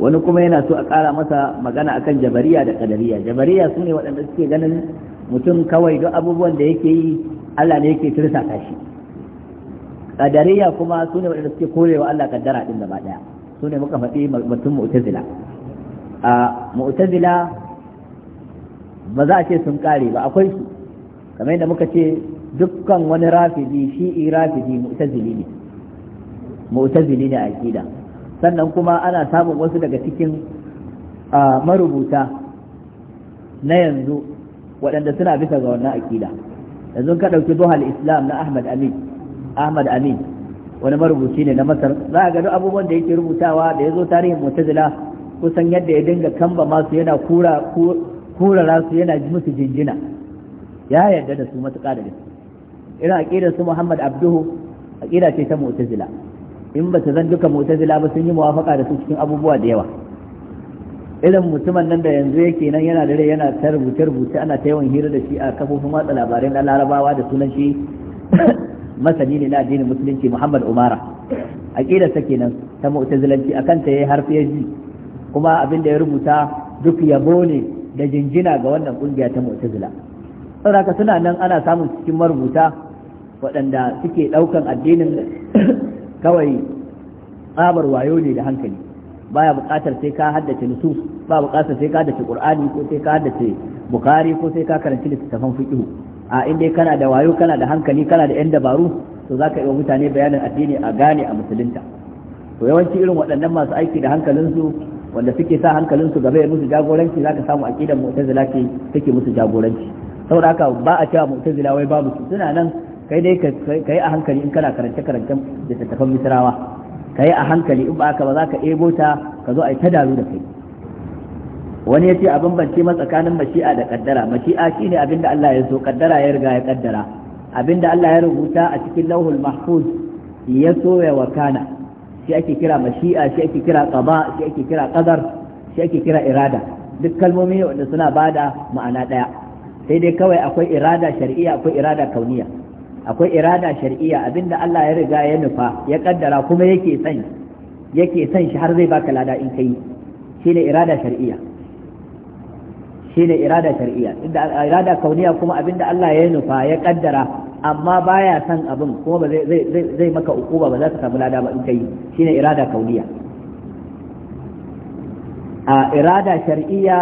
wani kuma yana so a ƙara masa magana akan jabariya da kadariya jabariya sune waɗanda suke ganin mutum kawai duk abubuwan da yake yi Allah ne yake ta shi kadariya kuma sune waɗanda suke korewa Allah kaddara din gaba ɗaya su ne muka faɗi batun mu'tazila a mu'tazila ba za a ce sun ƙare ba akwai su kamar yadda muka ce dukkan wani rafidi shi'i rafidi mu'tazili ne mu'tazili ne a aqida sannan kuma ana samun wasu daga cikin marubuta na yanzu waɗanda suna bisa ga wannan aqida yanzu ka ɗauki zuhal islam na ahmad amin ahmad amin wani marubuci ne na masar za a gano abubuwan da yake rubutawa da ya zo tarihin mutazila kusan yadda ya dinga kamba masu yana kura kurara su yana musu jinjina ya yarda da su matuƙa da gaske irin aƙidar su Muhammad Abduhu aƙida ce ta Mu'tazila in ba ta zan duka Mu'tazila ba sun yi muwafaka da su cikin abubuwa da yawa irin mutumin nan da yanzu yake nan yana da rai yana ta rubuce rubuce ana ta yawan hira da shi a kafofin watsa labarai na Larabawa da sunan shi masani ne na addinin musulunci Muhammad Umara aqida ta kenan ta mu'tazilanci akan ta yayi har ji kuma abin da ya rubuta duk yabo ne da jinjina ga wannan kungiya ta mu'tazila saboda suna nan ana samun cikin marubuta waɗanda suke ɗaukan addinin kawai tsabar wayo ne da hankali baya buƙatar sai ka haddace nusus ba buƙatar sai ka haddace qur'ani ko sai ka haddace bukhari ko sai ka karanci littattafan fiqh a inda kana da wayo kana da hankali kana da yan dabaru to zaka yi wa mutane bayanin addini a gane a musulunta to yawanci irin waɗannan masu aiki da hankalinsu wanda suke sa hankalinsu gaba ya musu jagoranci zaka samu aqidar mu'tazila ke take musu jagoranci saboda haka ba a cewa mu'tazila wai babu su suna nan kai dai ka yi a hankali in kana karance karancen littattafan misrawa ka yi a hankali in ba ka ba za ka ebo ta ka zo a yi ta daru da kai wani ya ce a bambance tsakanin mashi'a da kaddara mashi'a shine abin da Allah ya so kaddara ya riga ya kaddara abin da Allah ya rubuta a cikin lauhul mahfuz ya so ya wakana shi ake kira mashi'a shi ake kira qada shi ake kira qadar shi ake kira irada duk kalmomi ne wanda suna bada ma'ana daya sai dai kawai akwai irada shar'iyya akwai irada kauniya akwai irada shar'iyya abinda Allah ya riga ya nufa ya kaddara kuma yake son yake san shi har zai baka lada in kai shine irada shar'iyya shine irada shar'iyya inda irada kauniya kuma abinda Allah ya nufa ya kaddara amma baya san abin kuma ba zai zai maka ukuba ba za ka samu lada ba in kai shine irada kauniya a irada shar'iyya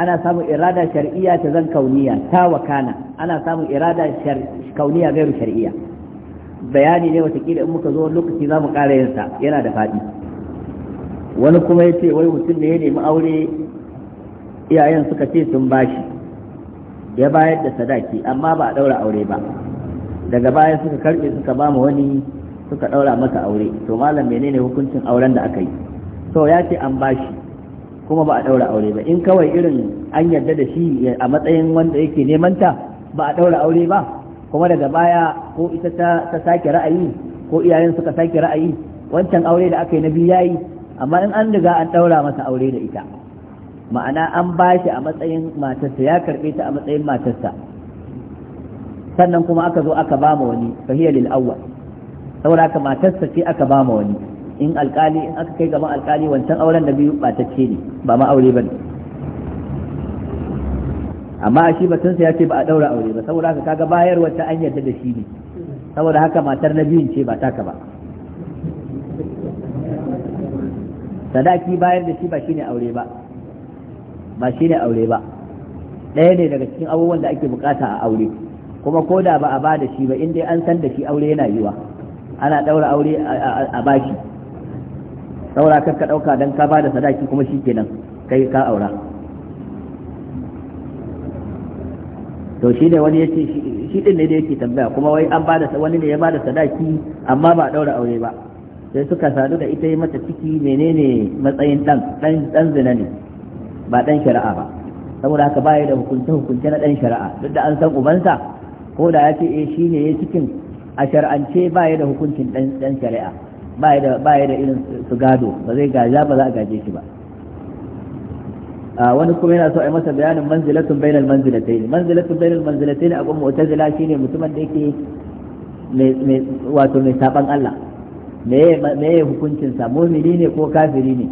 ana samun irada shar'iyya ta zan kauniya ta wakana ana samun irada kauniya gairu shar'iyya bayani ne watakila in muka zo lokaci za mu ƙara yinsa yana da faɗi wani kuma ya ce wai mutum ne ya nemi aure iyayen suka ce sun bashi ya bayar da sadaki amma ba a ɗaura aure ba daga baya suka karbe suka ba mu wani suka ɗaura masa aure to malam menene hukuncin auren da aka yi so ya ce an bashi kuma ba a ɗaura aure ba in kawai irin an yarda da shi a matsayin wanda yake neman ta ba a ɗaura aure ba kuma daga baya ko ita ta, sake ra'ayi ko iyayen suka sake ra'ayi wancan aure da aka yi na biyu yayi amma in an riga an ɗaura masa aure da ita ma'ana an ba shi a matsayin matarsa ya karɓe ta a matsayin matarsa sannan kuma aka zo aka ba ma wani fahiyar lil'awwal saboda haka matarsa ce aka ba ma wani in alkali in aka kai gaban alkali wancan auren da biyu ɓatacce ne ba ma aure ba ne amma shi batunsa ya ce ba a ɗaura aure ba saboda haka kaga bayar wata an yarda da shi ne saboda haka matar na biyun ce ba taka ba sadaki bayar da shi ba shine aure ba ba shi ne aure ba ɗaya ne daga cikin abubuwan da ake bukata a aure kuma ko da ba a ba da shi ba in dai an san da shi aure yana yiwa ana ɗaura aure a bashi saura kakka ɗauka don ka ba da sadaki kuma shi kenan kai ka aura to shi ne wani yake shi din ne da yake tambaya kuma wai an bada wani ne ya bada sadaki amma ba ɗaura aure ba sai suka sadu da ita yi mata ciki menene matsayin ɗan? Ɗan zina ne ba dan shari'a ba saboda haka baya da hukunce hukunce na dan shari'a duk da an san ubansa ko da ya ce eh shine ya cikin a shar'ance baya da hukuncin dan dan shari'a ba da baya da irin su gado ba zai gaja ba za a gaje shi ba wani kuma yana so a yi masa bayanin manzilatun bainal manzilatayn manzilatun bainal manzilatayn a zila mu'tazila shine mutumin da yake wato mai saban Allah me me hukuncin sa mu'mini ne ko kafiri ne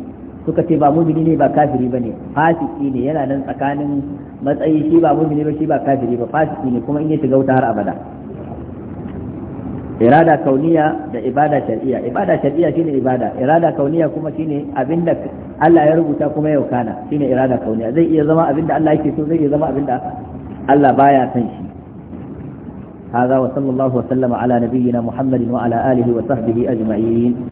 suka ce ba mumini ne ba kafiri bane fasiki ne yana nan tsakanin matsayi shi ba mumini ba shi ba kafiri ba fasiki ne kuma in ya shiga wuta har abada irada kauniya da ibada shar'iyya ibada shar'iyya shine ibada irada kauniya kuma shine abinda Allah ya rubuta kuma ya kana shine irada kauniya zai iya zama abinda Allah yake so zai iya zama abinda Allah baya son shi هذا وصلى الله وسلم على نبينا محمد وعلى آله وصحبه أجمعين